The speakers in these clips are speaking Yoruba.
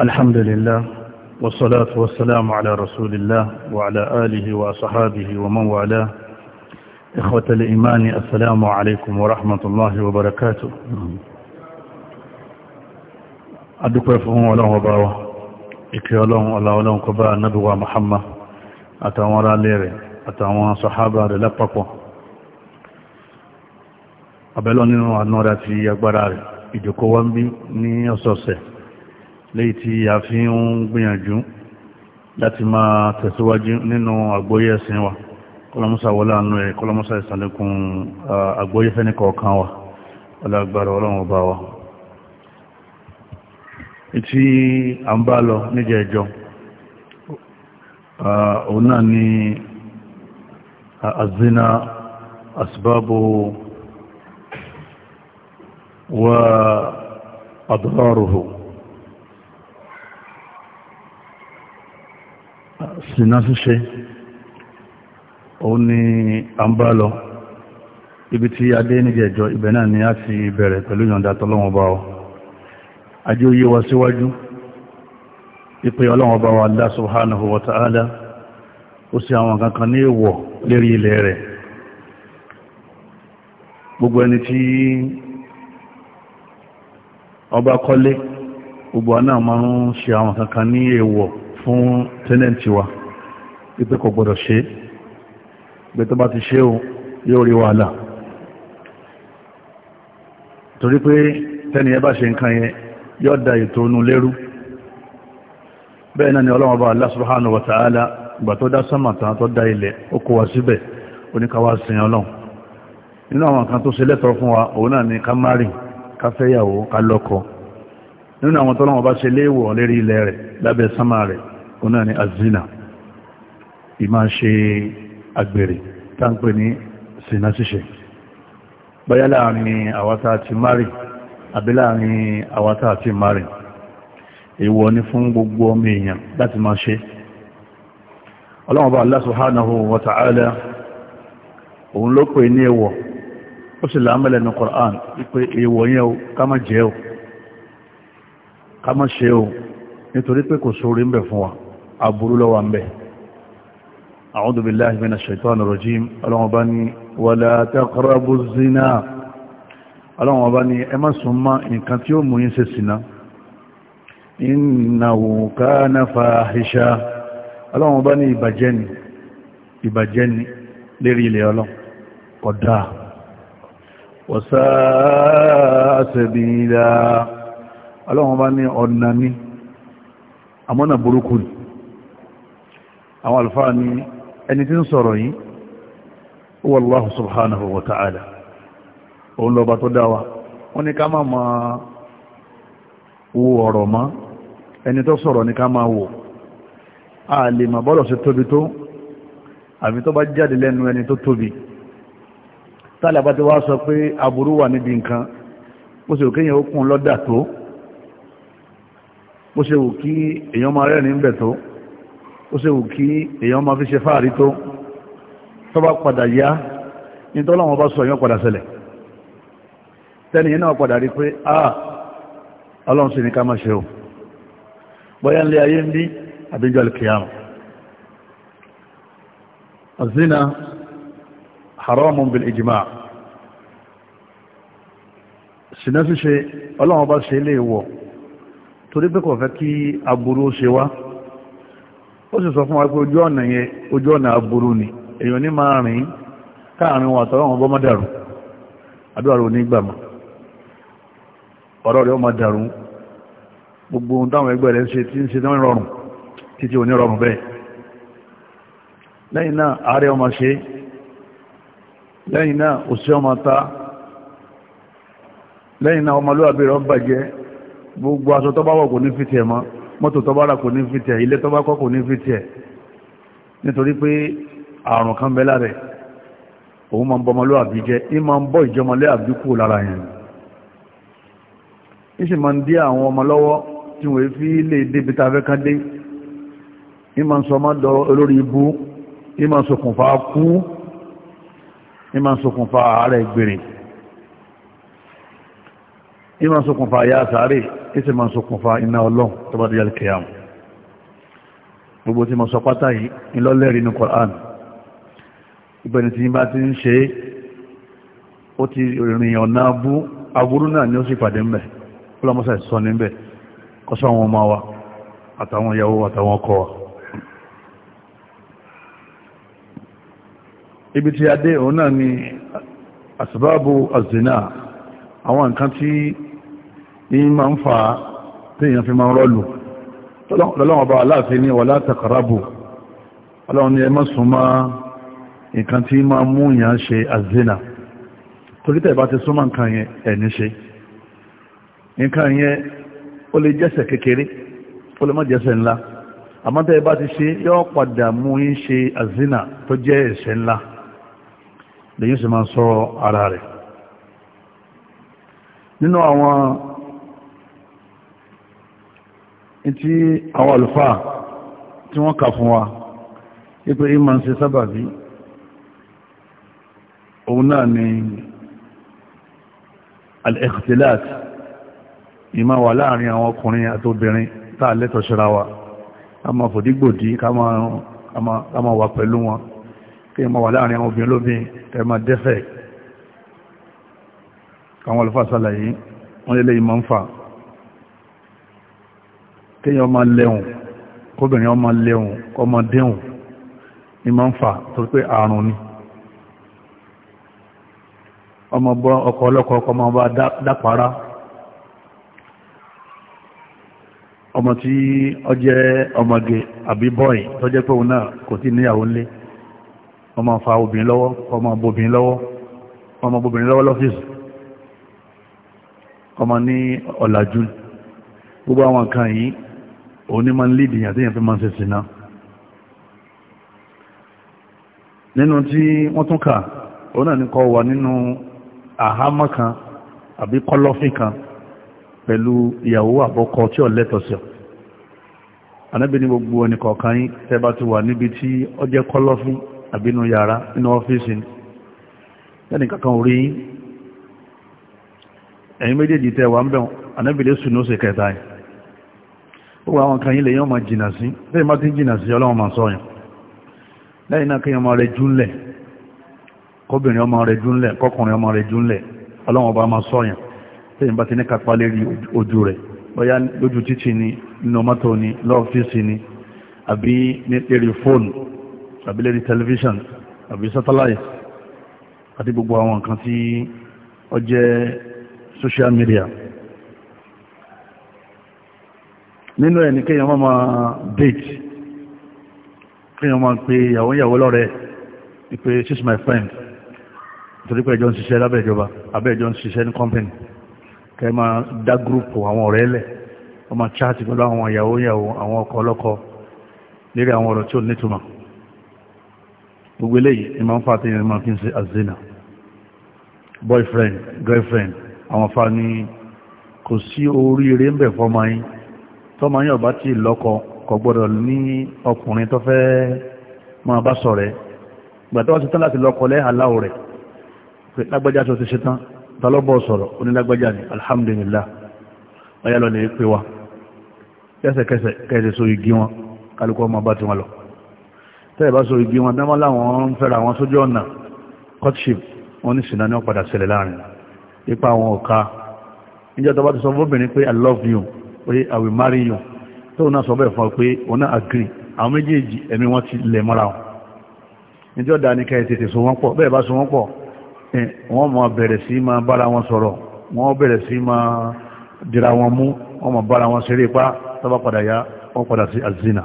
الحمد لله والصلاة والسلام على رسول الله وعلى آله وصحابه ومن والاه إخوة الإيمان السلام عليكم ورحمة الله وبركاته أدوكوا فهم ولا وباوة إكي الله ولا ولا كبا محمد أتوارى ليري أتوارى صحابة للأبقوا أبلوني نوع النورة في أكبر ìjòkó wọ́n bí léyìí tí a fi ń gbìyànjú láti máa tẹ̀síwájú nínú àgbóyé ẹ̀sìn wa kọlọmọsà wọlé àánú ẹ̀ kọlọmọsà ìsànlẹ̀kùn àgbóyé fẹ́ni kọ̀ọ̀kan wa ọlágbára ọlọ́run ọba wa tí a ń bá lọ níjẹ̀ ẹjọ́ òun náà ni azina asbabu wa adharuhu sinna ṣíṣe òun ni a ń bá lọ ibi tí adé níjẹ̀jọ ibẹ̀ náà ni a ti bẹ̀rẹ̀ pẹ̀lú ìyọ̀nda tọ́lọ́wọ́n bá ọ ajé oyé wa síwájú ipe ọlọ́wọ́n bá wa Allah subhanahu wa ta'ala ó sì àwọn kankan ní èèwọ̀ lérí ilẹ̀ rẹ̀ gbogbo ẹni tí ọba kọ́lé gbogbo àná máa ń ṣe àwọn kankan ní èèwọ̀ fún tenenti wa ipe kò gbọdọ̀ ṣe tó bá ti ṣe o yóò rí wàhálà torí pé tẹ́ni bá ṣe nǹkan yẹn yóò da ètò inú lérú bẹ́ẹ̀ náà ni ọlọ́wọ́n bá ìgbà tó wa síbẹ̀ oníkàwá sin ọlọ́run nínú àwọn tó ṣe lẹ́tọ̀ọ́ fún ni ká márì ká fẹ́yàwó ká lọ́kọ nínú àwọn bá ṣe léèwọ̀ lérí ilẹ̀ rẹ̀ lábẹ́ sánmà rẹ̀ òun náà ni azina ìmá ṣe agbèrè táǹpé ní sinna ṣíṣe báyá láàrin àwátá àti mari àbí láàrin àwátá àti mari èèwọ̀ ni fún gbogbo ọmọ èèyàn láti máa ṣe ọlọ́wọ́n bá Allah subhanahu wa ta'ala òun ló pè ní èèwọ̀ ó sì láàmẹ́lẹ̀ ní Qur'an wípé èèwọ̀ yẹn o kama o kama o nítorí pé kò sórí ń bẹ̀ fún wa aburú lọ́wà ń bẹ̀ a'udhu billahi minash shaitani rajim ọlọ́wọ́n bá ní wala taqrabu zina ọlọ́wọ́n bá ní ẹ má sún mọ́ nǹkan tí ó mú yín ṣe sínà innahu kana fahisha ọlọ́wọ́n bá ní ìbàjẹ́ ni ìbàjẹ́ ni lérí ilẹ̀ ọlọ́ kódà wọ̀sá àmọ́nà burúkú ni àwọn àlùfáà ni ẹni tí ń sọ̀rọ̀ yìí ó wà Allahu subhanahu wa ta'ala òun lọ́ba tó dá wa wọ́n ní ká máa ma wo ọ̀rọ̀ mọ́ ẹni tó sọ̀rọ̀ ní ká máa wò a lè mà bọ́lọ̀ sí tóbi tó àbí tó bá jáde lẹ́nu ẹni tó tóbi tálàbá ti wá sọ pé aburú wà níbi nǹkan bó ṣe òkè yẹn ó kún lọ́dà tó bó ṣe wù kí èèyàn máa rẹ́rìn-ín bẹ̀ tó ó sì wù kí èèyàn máa fi ṣe fáàrí tó tó bá padà yá ní tó láwọn bá sọ èèyàn padà ṣẹlẹ̀ tẹ́nìyàn náà padà rí pé ah ọlọ́run sì ní ká máa ṣe o bọ́yá nílé ayé ń bí àbíjọ́ alkiyama azina haramun bil ijima sinasi ṣe ọlọ́run bá ṣe ilé ìwọ̀ torí pé kò fẹ́ kí aburú ṣe wá ó sì sọ fún wa pé ojú ọ̀nà yẹn ojú ọ̀nà aburú ni èèyàn ní máa rìn káàrin wọn àtọ́rọ̀ wọn bọ́ mọ́ dàrú àdúrà rẹ̀ onígbàmọ̀ ọ̀rọ̀ rẹ̀ ọmọ dàrú gbogbo ohun táwọn ẹgbẹ́ rẹ̀ ń ṣe tí ń ṣe rọrùn títí òní rọrùn bẹ́ẹ̀ lẹ́yìn náà ààrẹ ọmọ ṣe lẹ́yìn náà òṣìṣẹ́ ọmọ ta lẹ́yìn náà ọmọlúwàbí rẹ̀ ń bàjẹ́ gbogbo aṣọ tó bá wọ̀ kò ní mọ́tò tó bá rà kò ní fi tẹ̀ ilé tó bá kọ́ kò ní fi tẹ̀ nítorí pé àrùn kan bẹ́ lára òun máa ń bọ́ ọmọlúwàbí jẹ́ í máa ń bọ́ ìjọmọlúwàbí kú lára yẹn ní sì máa ń dí àwọn ọmọ lọ́wọ́ tí wọ́n fi lè débi tá a fẹ́ dé í máa ń sọ ọmọ dọ olórí ibú í máa ń ṣokùnfà kú í máa ń ṣokùnfà àárẹ̀ gbèrè ìmọ̀ sókùnfà ayá sàárè ìsì ma sókùnfà iná ọlọ́run tó bá díyà kìyàmù gbogbo tí ma sọ pátá yìí ìlọ́lẹ́rìí ní Qur'an ìgbẹ̀ni tí bá ti ń ṣe ó ti rìn ọ̀nà aburú náà ni àtàwọn ìyàwó àtàwọn ọkọ wa ibi tí a dé òun náà ni asbabu azina àwọn nǹkan tí yìí máa ń fa téèyàn fi máa rọ́lù lọ́lọ́wọ́ bá aláàfin ní wala taqrabu ọlọ́run ni ẹ má súnmọ́ nǹkan tí máa mú yàn ṣe azina torí tẹ̀ bá ti súnmọ́ nǹkan yẹn ẹ̀ní ṣe nǹkan yẹn ó lè jẹ́sẹ̀ kékeré ó lè má jẹ́sẹ̀ ńlá àmọ́ tẹ́ ti ṣe yọ́ padà mú yín ṣe azina tó jẹ́ ẹ̀ṣẹ̀ ńlá lèyìn sì máa sọ ara rẹ̀ nínú àwọn tí àwọn àlùfáà tí wọ́n kà fún wa ipò ìmọ̀ ṣe sábàbí òun náà ni al-ikhtilat ìmá wà láàrin àwọn ọkùnrin àti obìnrin táà lẹ́tọ̀ ṣíra wa ká máa fòdígbòdí ká máa wà pẹ̀lú wọn kí ìmá wà láàrin àwọn obìnrin lóbin kẹ máa dẹ́fẹ̀ àwọn àlùfáà sálàyé wọ́n lélẹ́ ìmọ̀ ń fà kéèyàn máa lẹ́hùn kóbìnrin ọmọ lẹ́hùn ọmọdéhùn ni máa ń fà tó pé àrùn ni ọmọ bọ́ ọkọ̀ ọlọ́kọ̀ ọkọ̀ máa bá dápara ọmọ tí ó jẹ́ ọmọge àbí bọ́ì tó jẹ́ pé òun náà kò tí níyàwó ńlé ọmọ fa obìnrin lọ́wọ́ ọmọ bobìnrin lọ́wọ́ ọmọ bobìnrin lọ́wọ́ lọ́fíìsì ọmọ ní ọ̀làjú gbogbo àwọn nǹkan yìí òun ní máa ń léèdì yàn téèyàn fi máa ń ṣe sìnà nínú tí wọ́n tún kà òun náà ní kọ́ wà nínú àhámọ́ kan àbí kọ́lọ́fín kan pẹ̀lú ìyàwó àbọ́kọ tí ò lẹ́tọ̀ọ́ sí ní gbogbo ẹni kọ̀ọ̀kan yín tẹ́ ti wà níbi tí ó jẹ́ kọ́lọ́fín àbí inú yàrá inú ni kankan orí yín ẹ̀yin méjèèjì tẹ́ wà ń ó wà àwọn kan yìí lè yọ́ máa jìnà sí lẹ́yìn má ti ń jìnà sí ọlọ́run máa sọ yàn lẹ́yìn náà kéèyàn máa rẹ jú ńlẹ̀ kóbìnrin ọmọ rẹ jú ńlẹ̀ kọkùnrin ọmọ rẹ jú ńlẹ̀ ọlọ́run ọba máa sọ yàn lẹ́yìn bá ti ní kápá lérí ojú rẹ̀ bóyá lójú títì ni nínú mọ́tò ni lọ́ọ̀fíìsì ni àbí lérí fóònù àbí lérí tẹlifíṣàn àbí sátáláìtì àti gbogbo àwọn nǹkan tí ó jẹ́ social media nínú ẹni kéèyàn máa máa date kéèyàn máa pe ìyàwó ìyàwó lọ́rẹ̀ ìpè she's my friend torí pé ẹjọ́ ń ṣiṣẹ́ lábẹ́ ìjọba abẹ́ ẹjọ́ ń ṣiṣẹ́ ní company kẹ́ máa dá gúrùpù àwọn ọ̀rẹ́ lẹ̀ wọ́n máa chaati pẹ̀lú àwọn ìyàwó ìyàwó àwọn ọkọ ọlọ́kọ lérí àwọn ọ̀rọ̀ tí ò nítumọ̀ gbogbo eléyìí ni máa ń fa àtẹ̀yìn máa fi ń ṣe azina boyfriend girlfriend àwọn fa ni kò sí oríire ń bẹ̀ fọ́mọ yín tọ́mọ yóò bá ti lọ́kọ kò gbọ́dọ̀ ní ọkùnrin tó fẹ́ máa bá ṣọ̀rẹ́ gbàtọ́ wọ́n ti tán láti lọ́kọ lẹ́hàláwò rẹ̀ pé lágbájá tó ti ṣe tán tọ́lọ́bọ̀ sọ̀rọ̀ onílágbájá ni alhamdulillah ọyá lọ lè pè wá lẹ́sẹ̀kẹsẹ̀ kẹsẹ̀ so igi wọn kálukọ́ ọmọ bá ti wọn lọ tẹ́ẹ̀ bá so igi wọn dámọ́ láwọn ń fẹ́ra àwọn sójú ọ̀nà courtship wọn ipa àwọn ọ̀ka níjọ́ tó bá ti sọ fóbìnrin pé i love you pé I will marry you tóun náà sọ bẹ́ẹ̀ fún ọ pé òun náà agree àwọn méjèèjì ẹ̀mí wọn ti lẹ̀ mọ́ra wọn níjọ́ da ní káyẹ̀ tètè so wọ́n pọ̀ bẹ́ẹ̀ bá so wọ́n pọ̀ wọ́n máa bẹ̀rẹ̀ sí máa bára wọn sọ̀rọ̀ wọ́n bẹ̀rẹ̀ sí máa dira wọn mú wọ́n máa bára wọn ṣeré pa tọ́ba padà ya wọ́n padà sí azina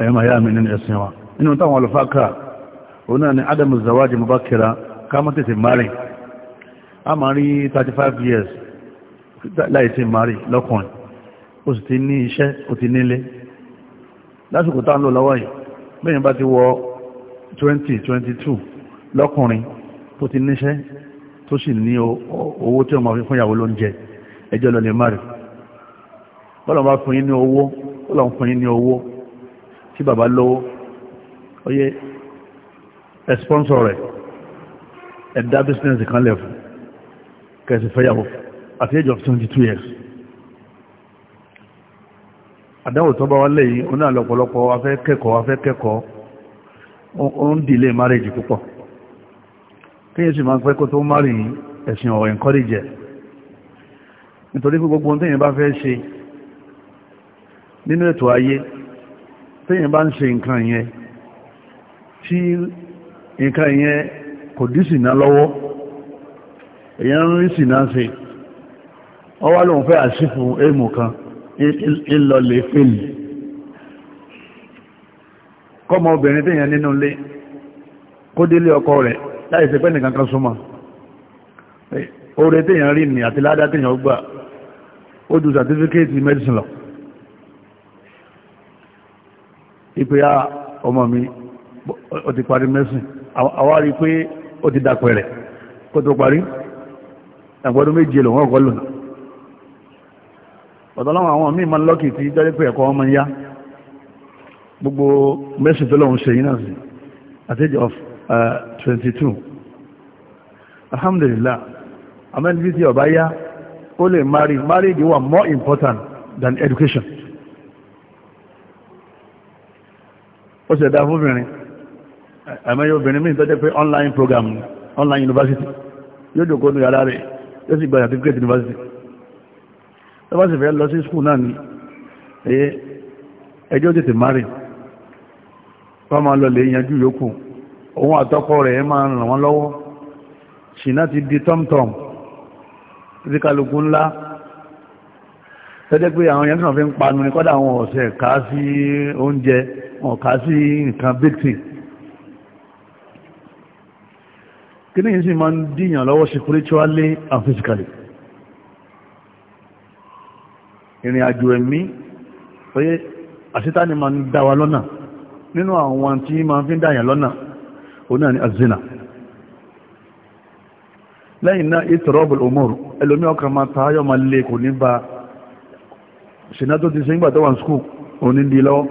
ẹ̀yọ́ máa yá mi nínú ẹ̀sìn wa nínú táwọn alùfáàkà òun náà ni adamu zawaji mubakira ká mọ́ tètè márìn a máa rí 35 years láìsí mari lọ́kùnrin ó sì ti ní iṣẹ́ ó ti nílé lásìkò tá ń lò lọ́wọ́ yìí bẹ́yìn bá ti wọ 2022 lọ́kùnrin tó ti níṣẹ́ tó sì ní owó tí ó máa fi fún ìyàwó lóúnjẹ ẹjọ́ lọ lè mari bọ́lọ̀ bá fún yín ní owó kẹsì fẹ́yàwó fún at the age of 22 years àdáwò tó bá wá lẹ́yìn oní àlọ́pọ̀lọpọ̀ afẹ́ kẹ́kọ̀ọ́ afẹ́ kẹ́kọ̀ọ́ ó ń dìlé marriage púpọ̀ kíyẹ́ sì máa ń pẹ́ kó tó márì ẹ̀sìn ọ̀ encourage nítorí pé gbogbo tẹ́yìn bá fẹ́ ṣe nínú ètò ayé tẹ́yìn bá ń ṣe nǹkan yẹn tí nǹkan yẹn kò dí sìná lọ́wọ́ èyàn ń rí sìná ṣe ọwá lóun fẹ́ àṣífù èèmù kan ìlọlẹ̀ fèlì kọmọ obìnrin tíyàn nínú ilé kó délé ọkọ rẹ̀ láì ṣe pé nìkan kan súnmọ́ oore tíyàn rí ní àti ládá tíyàn gbà ó ju certificate medicine lọ ìpé a ah, ọmọ mi ó ti parí medicine àwárí pé ó ti dàpẹ̀rẹ̀ kó tó parí ẹgbọ́dún méje lòun ọkọ̀ lónà ọ̀dọ́láwọn àwọn míì máa ń lọ́kì tí jẹ́ pé ẹ̀kọ́ ọmọ ya gbogbo mẹ́sì tó lọ́wọ́ ṣe yín náà sí at age of uh, twenty two alhamdulillah amẹ́ni tí ọba ya ó lè marry marriage wà more important than education ó ṣẹ̀dá fóbìnrin àmẹ́yẹ obìnrin míì tó jẹ́ pé online program online university yóò jòkó ní yàrá rẹ̀ yóò sì gba certificate university tó bá sì fẹ́ lọ sí skul náà ni ẹjọ́ tètè márì wọ́n máa lọ lè yanjú yòókù òun àtọ́kọ rẹ̀ máa ràn wọ́n lọ́wọ́ ṣìnà ti di tọ́mtọ́m títí kálukú ńlá tẹ́jẹ́ pé àwọn yẹn tí wọ́n fi ń panu ní kọ́dà àwọn ọ̀sẹ̀ ká sí oúnjẹ wọn ká sí nǹkan bíkì kí ni yìí sì máa ń díyàn lọ́wọ́ spiritually and physically ìrìn àjò ẹ̀mí pé àṣítání ma ń dá wa lọ́nà nínú àwọn tí ma fi ń dáyàn lọ́nà òun náà ni azina lẹ́yìn náà ìtọ̀rọ̀bùl òmòrò ẹlòmí ọkà ma ta ayọ́ ma lè kò ní ba ṣìná tó ti ṣe nígbà tó wà ní skúl òun ní di lọ́wọ́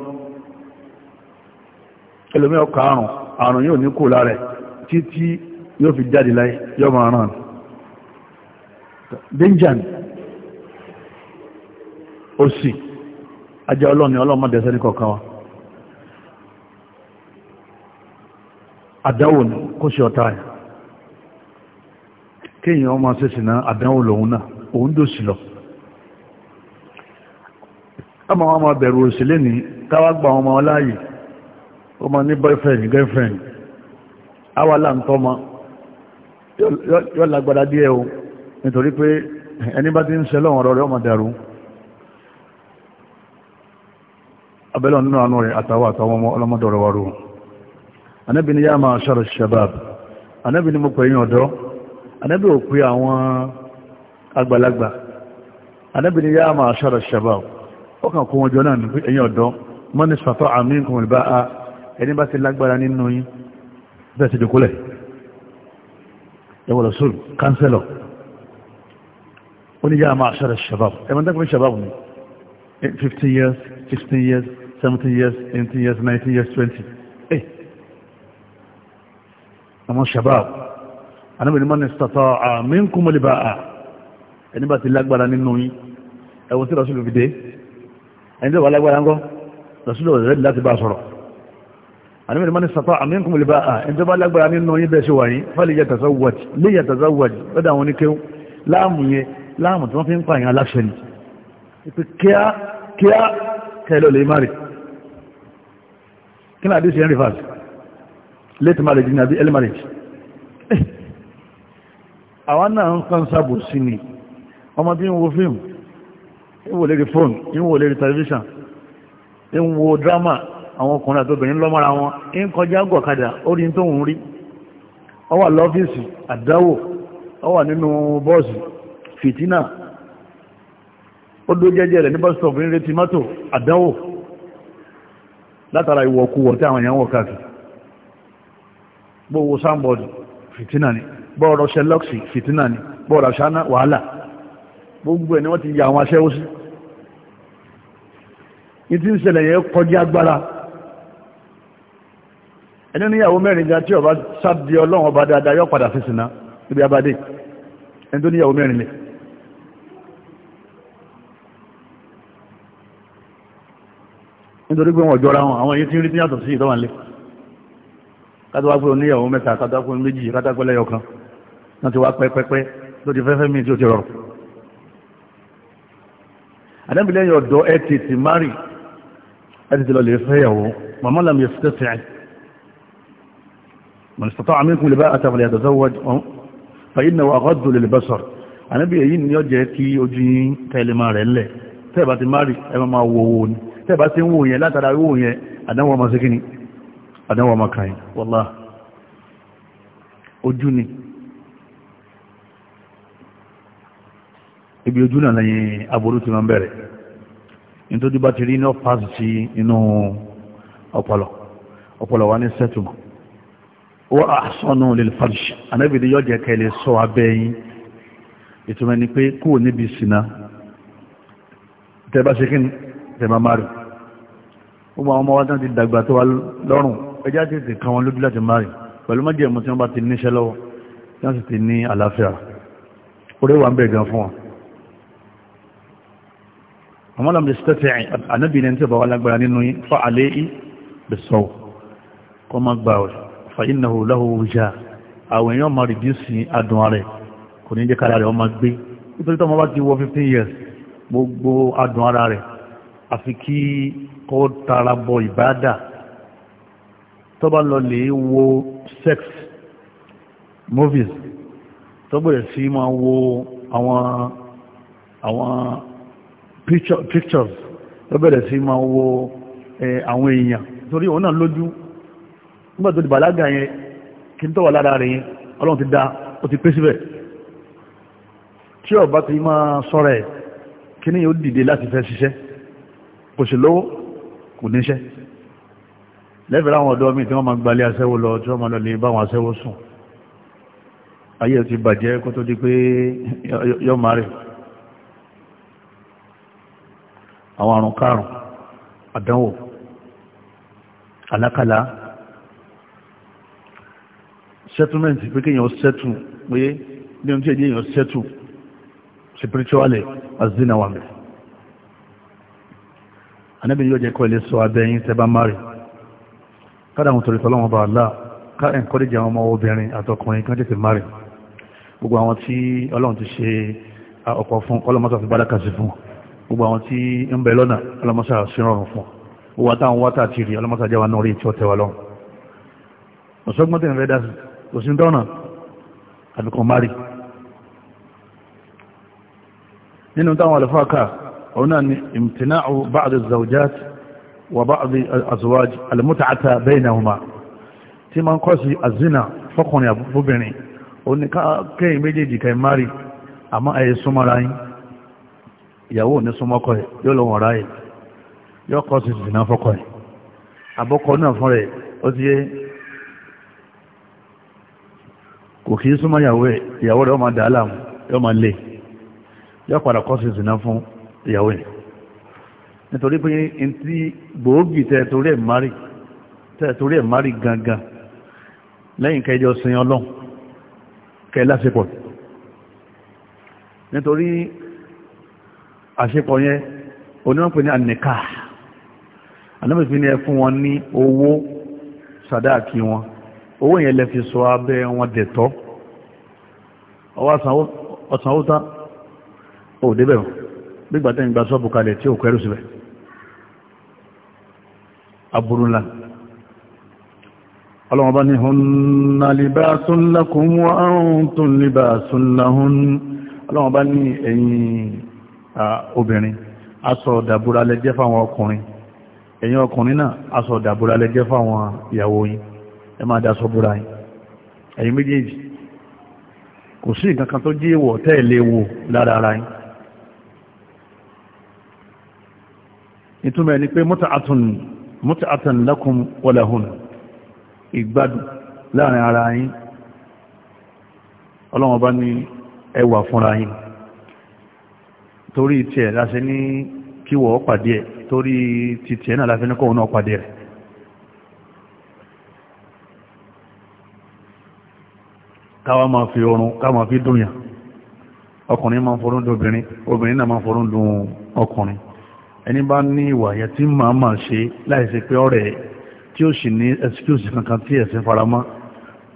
òsì ajẹ́ ọlọ́ni ọlọ́mọdẹ̀ẹ́sẹ́ ní kọ̀ọ̀kan wa àdáwò ní kó ṣe ọ̀tá ẹ̀ kéèyàn ọmọ ṣẹ̀ṣì náà àdáwò lòun náà òun lọ ọmọ wọn bẹ̀rù òsì lẹ́ni táwa ọmọ wọn ọmọ ní boyfriend girlfriend ma yọ lágbádá díẹ̀ o nítorí pé ẹni bá ti ń ṣẹlọ́wọ̀n rọrẹ́ ọmọ abẹ́lẹ̀ nínú àánú rẹ̀ àtàwà àtàwọn ọmọ ọlọ́mọdọ̀rọ̀ wa rò anábì ni yá máa ṣọ́rọ̀ shabab anábì ni mo pè yín ọ̀dọ́ anábì ò pé àwọn àgbàlagbà anábì ni yá máa ṣọ́rọ̀ shabab ó kàn kó wọn jọ náà nípa ẹ̀yin ọ̀dọ́ mọ́ ní sàtọ́ àmì nǹkan 15 years 16 years 17 years 18 years 19 years twenty eh àwọn shabab anábìnrin mọ́ni sọ́tọ̀ àmínkùnmọ́lìbà à ẹni bá ti lágbára nínú yín ẹ̀wọ̀n tí rọ̀sùlù fi dé ẹni tó wà lágbára ńkọ́ rọ̀sùlù rẹ̀ láti bá sọ̀rọ̀ anábìnrin mọ́ni sọ́tọ̀ àmínkùnmọ́lìbà à ẹni tó bá lágbára nínú yín bẹ́ẹ̀ ṣe wà yín fálẹ̀ yàtàzáwàjì lé yàtàzáwàjì lọ́dọ̀ àwọn oníkéwù láàmù yẹn láàmù tí wọ́n fi ń pààyàn aláṣẹ ni ìpè kíá kíá kẹlẹ́ lè má rèé kí ní àdísì henry fars late marriage ní àbí early marriage eh, àwọn náà ń kàn sábò sí ni ọmọ tí ń wo fíìmù ń wo lérí fóònù ń wo lérí tẹlifíṣàn ń wo dírámà àwọn ọkùnrin àtọ́bìnrin lọ́mọ́ra wọn ń kọjá gọ̀kadà orí tó ń rí ó wà lọ́fíìsì àdáwò ó wà nínú bọ́ọ̀sì fìtínà ó dó jẹ́jẹ́ rẹ̀ ní bọ́ọ̀sì tọ̀bìnrin retí mọ́tò àdáwò látara ìwọ̀kúwọ̀ tí àwọn èèyàn wọ̀ káàkiri gbówó sáàbọ̀dì fìtínà ni bọ́ọ̀rọ̀ ṣẹlọ́ksì fìtínà ni bọ́ọ̀rọ̀ ṣáná wàhálà gbogbo ẹ̀ ni wọ́n ti yà àwọn aṣẹ́wó sí ní tí ń ṣẹlẹ̀ yẹn kọjá agbára ẹni níyàwó mẹ́rin ga tí ọba sábdi ọlọ́run ọba dáadáa yọ padà fi sínà níbi abadé ẹni tó níyàwó mẹ́rin lẹ́ẹ̀ nítorí pé wọ́n jọra wọn àwọn èyí tí ń rí tí yàtọ̀ sí ìtọ́wà lé kátàwápẹ́ oníyàwó mẹ́ta kátàwápẹ́ méjì kátàwápẹ́ lẹ́yọkan wọ́n ti wá pẹ́pẹ́pẹ́ ló ti fẹ́fẹ́ míì tí ó ti rọrùn àdẹ́bìlẹ́yìn ọ̀dọ́ ẹ ti ti mari ẹ ti ti lọ lè fẹ́yàwó màmá làmì ẹ̀fẹ́ tẹ̀ mọ̀lẹ́sítọ́tọ́ àmínkù lè bá àtàwọ̀lẹ̀ àtàzọ́wọ́d fàyín náà àkọ́dù lè bá sọ̀rọ̀ ànábì èyí ni ó jẹ́ kí ojú yín tẹ́lẹ̀ máa rẹ̀ lẹ̀ tẹ́ẹ̀ bá ti mari ẹ máa wo owó ni tẹ́bà tí ń wò yẹn látara wò yẹn àdánwò ọmọ síkíní àdánwò ọmọ kàáyìn wọ́lá ojú ni ibi ojú náà lẹ́yìn aburú ti máa ń bẹ̀rẹ̀ nítorí bá ti rí iná pàṣẹ sí inú ọpọlọ ọpọlọ wa ní sẹ́tùmọ̀ wọ́n àṣọ́nù lè fàṣẹ anábìdí yóò jẹ́ kẹ́lẹ́ sọ abẹ́yìn ìtumẹ̀ pé kúrò níbi sinna tẹ́bà síkíní tẹ́bà márùn gbogbo àwọn ọmọ wa tán ti dàgbà tó wa lọ́rùn ẹjá ti ti kan wọn lójú láti márì pẹ̀lú májèmú tí wọ́n bá ti níṣẹ́ lọ́wọ́ tí wọ́n sì ti ní àlàáfíà orí wa ń bẹ̀ gan fún wọn àwọn ọmọdé stẹ́tẹ̀ ànábìnrin tí ó bá wà lágbára nínú fọ́ àlẹ́ yìí bẹ̀ sọ́wọ́ kọ́ máa gbà ọ̀rẹ́ fàyínàwó láwọ́ òjá àwọn èèyàn máa rìdíùsì adùn rẹ̀ kò ní jẹ́ kára rẹ̀ ọmọ gbé nítorí tọ́mọ bá ti wọ 15 years gbogbo adùn ara rẹ̀ àfi kí kó tara bọ ìbáàdà tó bá lọ lè wo sex movies tó bẹ̀rẹ̀ sí máa wo àwọn àwọn pictures tó bẹ̀rẹ̀ sí máa wo àwọn èèyàn torí òun náà lójú nígbà tó di bàlágà yẹn kí n tó wà lára rẹ̀ yẹn ọlọ́run ti dá ó ti pé síbẹ̀ tí ọba ti máa sọ́rẹ̀ kí ni yóò dìde láti fẹ́ ṣiṣẹ́ kò sí lówó kò níṣẹ́ lẹ́bẹ̀rẹ̀ àwọn ọ̀dọ́ mi tí wọ́n máa gbalẹ̀ aṣẹ́wó lọ tí wọ́n máa lọ lè bá wọn aṣẹ́wó sùn ayé ti bàjẹ́ kó tó di pé yọ máa rẹ̀ àwọn àrùn kárùn àdánwò alákàlá settlement pé kéèyàn settle pé ní ohun tí èdè èèyàn settle spiritually as dinawamis anábì yóò jẹ́ kọ́ ilé sọ abẹ́yìn tẹ́bá márì kádà àwọn torí tọ́lọ́wọ́n bá Allah ká ẹ̀ńkọ́díjì àwọn ọmọ obìnrin àtọkùnrin kan tètè márì gbogbo àwọn tí ọlọ́run ti ṣe ọ̀pọ̀ fún ọlọ́mọ́sà fi bálákà sí fún gbogbo àwọn tí ń bẹ lọ́nà ọlọ́mọ́sà sí rọrùn fún gbogbo àtàwọn wátà ti rí wa náà هنا امتناع بعض الزوجات وبعض الأزواج المتعة بينهما tí ma ń kọ́ sí azina fọ́kùnrin àbúbìnrin o ní kẹ́yìn méjèèjì kẹ́ mari àmọ́ ẹ̀yẹ súnmọ́ra yín ìyàwó ní súnmọ́kọ̀ ẹ̀ yóò lọ wọ̀nra ẹ̀ yóò kọ́ sí zina fọ́kọ̀ ẹ̀ àbọ́kọ̀ náà fún rẹ̀ ó ti yé kò kí súnmọ́ ìyàwó ẹ̀ ìyàwó rẹ̀ ó máa dà á láàmú yóò máa lè yóò padà kọ́ sí zina fún ìyàwó ẹ̀ nítorí pé n tí gbòógì tẹ́ torí ẹ̀ mari tẹ́ torí ẹ̀ mari gangan lẹ́yìn kẹjọ sin ọlọ́run kẹ lásìkò nítorí àṣepọ̀ yẹn onímọ̀ pé ní ànìká ànábìfin ni ẹ fún wọn ní owó sàdáàkì wọn owó yẹn lẹ fi sọ abẹ́ wọn dẹ̀tọ́ ọwọ́ ọ̀sán ó tán ò débẹ̀ gbígbà tẹ́ ń gba sọ́ọ̀bù kalẹ̀ tí ò kẹrù síbẹ̀ aburú ńlá ọlọ́wọ́n bá ní hunna libāsun lakum wa antum libāsun lahun ọlọ́wọ́n bá ní ẹ̀yin obìnrin aṣọ ìdàbúra lẹ́jẹ́ fáwọn ọkùnrin ẹ̀yin ọkùnrin náà aṣọ ìdàbúra lẹ́jẹ́ fáwọn ìyàwó yín ẹ máa dáṣọ búra yín ẹ̀yin méjèèjì kò sí nǹkan tó jí ìwọ̀ tẹ́ẹ̀lé wo lára ara yín ìtumọ̀ ni pé mut'atan lakum wa lahun ìgbádùn láàrin ara yín ọlọ́wọ́n bá ní ẹwà fúnra yín torí tiẹ̀ láṣẹ ní kíwọ̀ pàdé ẹ̀ torí ti tiẹ̀ náà láfẹ́ níkọ̀ọ́ náà pàdé rẹ̀ káwà máa fi orun káwà máa fi dùn yàn ọkùnrin máa forún dùn obìnrin obìnrin náà máa forún dùn ọkùnrin ẹni bá ní ìwà yẹn tí màá máa ṣe láìsí pé ọ̀rẹ́ tí ó sì ní excuse kankan tí ẹ̀sìn faramọ́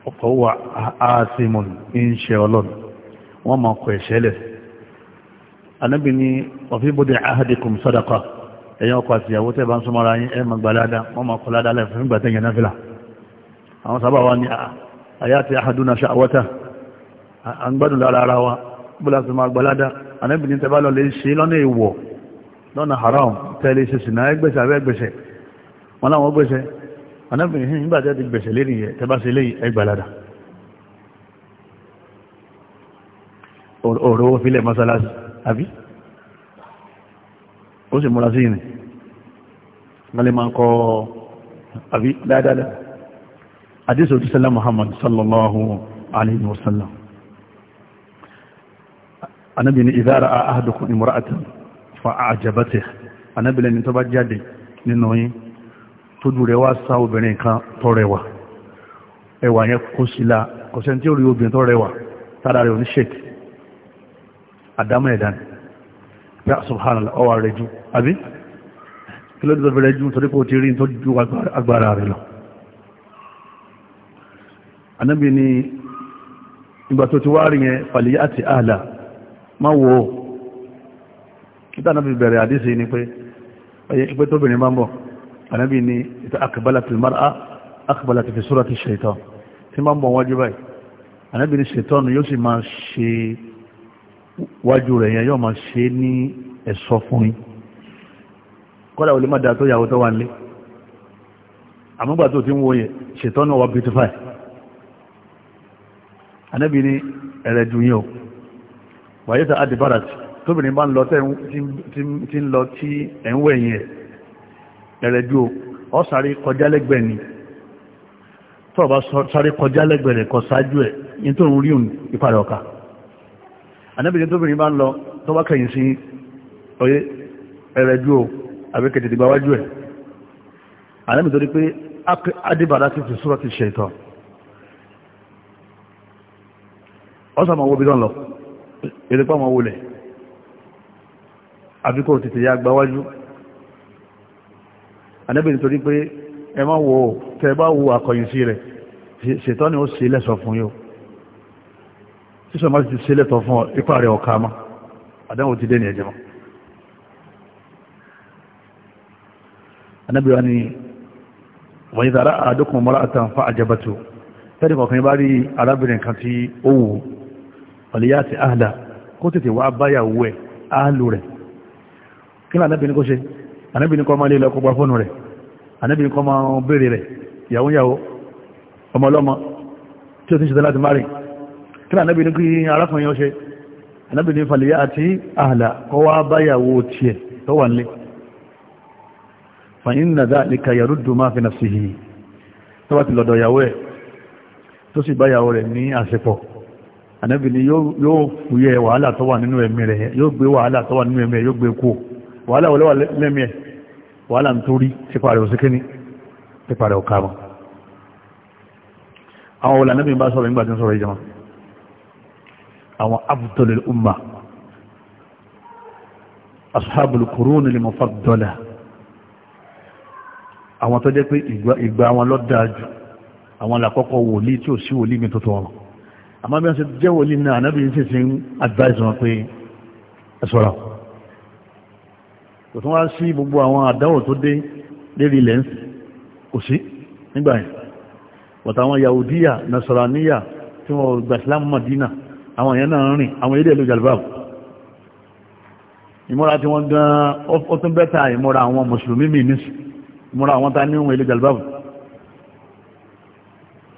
ọkọ̀ wà áásímọ̀n ń ṣe ọlọ́run wọ́n máa kọ ẹ̀ṣẹ́ lẹ̀ anábì ní ọ̀fí bóde ahadikum sadaqa ẹ̀yàn ọkọ̀ àti ìyàwó tẹ́ bá ń súnmọ́ ara yín ẹ̀ máa gbà ládàá wọ́n máa kọ ládàá lẹ̀ fún ìgbà lọ́nà haram tẹ́lẹ̀ ṣe sìnà ẹgbẹ̀ṣẹ̀ abẹ́ gbẹ̀ṣẹ̀ wọn láwọn gbẹ̀ṣẹ̀ anábìnrin hìn nígbà tẹ́lẹ̀ gbẹ̀ṣẹ̀ lérí yẹ tẹ́bá ṣe léyìí ẹgbàlada ọ̀rọ̀ owó fílẹ̀ mọ́sálásí àbí ó sì múra sí ìrìn wọ́n lè máa kọ́ àbí dáadáa àdísò tí sallá muhammad sallallahu alaihi wasallam anábìnrin ìdára àádùkún ìmúra àtàrí fa àjẹbẹ́tẹ̀ anábìlẹ̀ ni tó bá jáde nínú yín tójú rẹ̀ wá sá obìnrin kan tó rẹwà ẹwà yẹn kó sílá kọ̀sẹ̀ tí ó rí obìnrin tó rẹwà tára rẹ̀ oní sheik àdámọ̀ pé subhanallah ọwà rẹ̀ ju àbí kí ló dé tọ́fẹ́ rẹ̀ ju torí pé ó ti rí tó ju agbára wo kíta náà fi bẹ̀rẹ̀ àdísì ni pé ẹgbẹ́ tóbìnrin máa ń bọ̀ ànábì ni ìta akabala ti mara akabala ti fi súra ti ṣètọ́ tí máa ń bọ̀ wájú báyìí ànábì ni ṣètọ́ ni yóò sì máa ṣe wájú rẹ̀ yẹn yóò máa ṣe ní ẹ̀sọ́ fún yín kọ́dà olè má da tó yàwó tó wà nílé àmúgbà tó ti ń wo yẹn ṣètọ́ náà wà beautify ànábì ni ẹ̀rẹ̀dùn yẹn o wàyẹ́ta adìbára tóbìnrin bá ń lọ tí ń lọ tí ẹ̀ ń wẹ̀yìn ẹ̀ ẹ̀rẹ̀dú ọ sáré kọjá lẹ́gbẹ̀ẹ́ ni tó bá sáré kọjá lẹ́gbẹ̀ẹ́ rẹ̀ kọ sáájú ẹ̀ ní tó ń rí òun ìparẹ̀ ọ̀ka anábìnrin tóbìnrin bá ń lọ tó bá kẹ̀yìn sí ọyẹ ẹ̀rẹ̀dú o àbí kẹ̀tẹ̀tẹ̀ gba wájú ẹ̀ anábìnrin tó rí bí lọ́nà èrè pàmò owó lẹ̀ àbí kò tètè ya gbáwájú Ànábì nítorí pé ẹ má wo tẹ bá wo àkọyìn sí rẹ̀ ṣètọ́ ni ó ṣe lẹ́sọ̀ fún yóò sísọ má ti ṣe lẹ́tọ̀ fún ipa rẹ̀ ọ̀ka mọ́ àdánwò ti dé ní ẹ̀jẹ̀ mọ́ Ànábì wa ni wọ́n yíta àdókùn mọ́lá àtàǹfà àjẹbàtò kí ní ànábìnrin kó ṣe ànábìnrin kọ́ máa lè lọ kó gba fóònù rẹ̀ ànábìnrin kọ́ máa béèrè rẹ̀ ìyàwó ìyàwó ọmọ ọlọ́mọ tí ó ti ṣe láti márì kí ní ànábìnrin kí arákùnrin ọṣẹ ànábìnrin falẹ̀yà àti àhàlà kọ́ wá báyàwó tiẹ̀ tó wà nílé fàyín nàdá nìka yàrúdù máa fi nàfsì hì tó bá ti lọ́dọ̀ ìyàwó ẹ̀ tó sì báyàwó rẹ̀ ní yóò fúyẹ́ wàhálà tó wà nínú ẹ̀mí yóò gbé wàhálà tó wà nínú ẹ̀mí yóò gbé kúò wàhálà wọlé wà lẹ́mí ẹ̀ wàhálà ń torí sípa rẹ̀ òsìkí ní sípa rẹ̀ ọ̀ká mọ́ àwọn wọlé anábì bá sọ̀rọ̀ nígbàtí sọ̀rọ̀ ìjọmọ́ àwọn abdulil umma ashabul kurun lil mufaddala àwọn tó jẹ́ pé ìgbà wọn lọ dáájú àwọn làkọ́kọ́ wòlíì tí ò sí wòlíì bí wọ́n ṣe jẹ́ ń ṣe wọn pé ẹ sọ̀rọ̀ kò tún wá sí gbogbo àwọn àdáwò tó dé lérí ilẹ̀ kò sí nígbà yẹn wọ̀tà àwọn yahudiya nasaraniya tí wọ́n gba islam madina àwọn èèyàn náà rìn àwọn èdè ìlú jalbab ìmọ́ra tí wọ́n gan ó tún bẹ́ta ìmọ́ra àwọn mùsùlùmí mi ní ìmọ́ra àwọn ta ní ìlú jalbab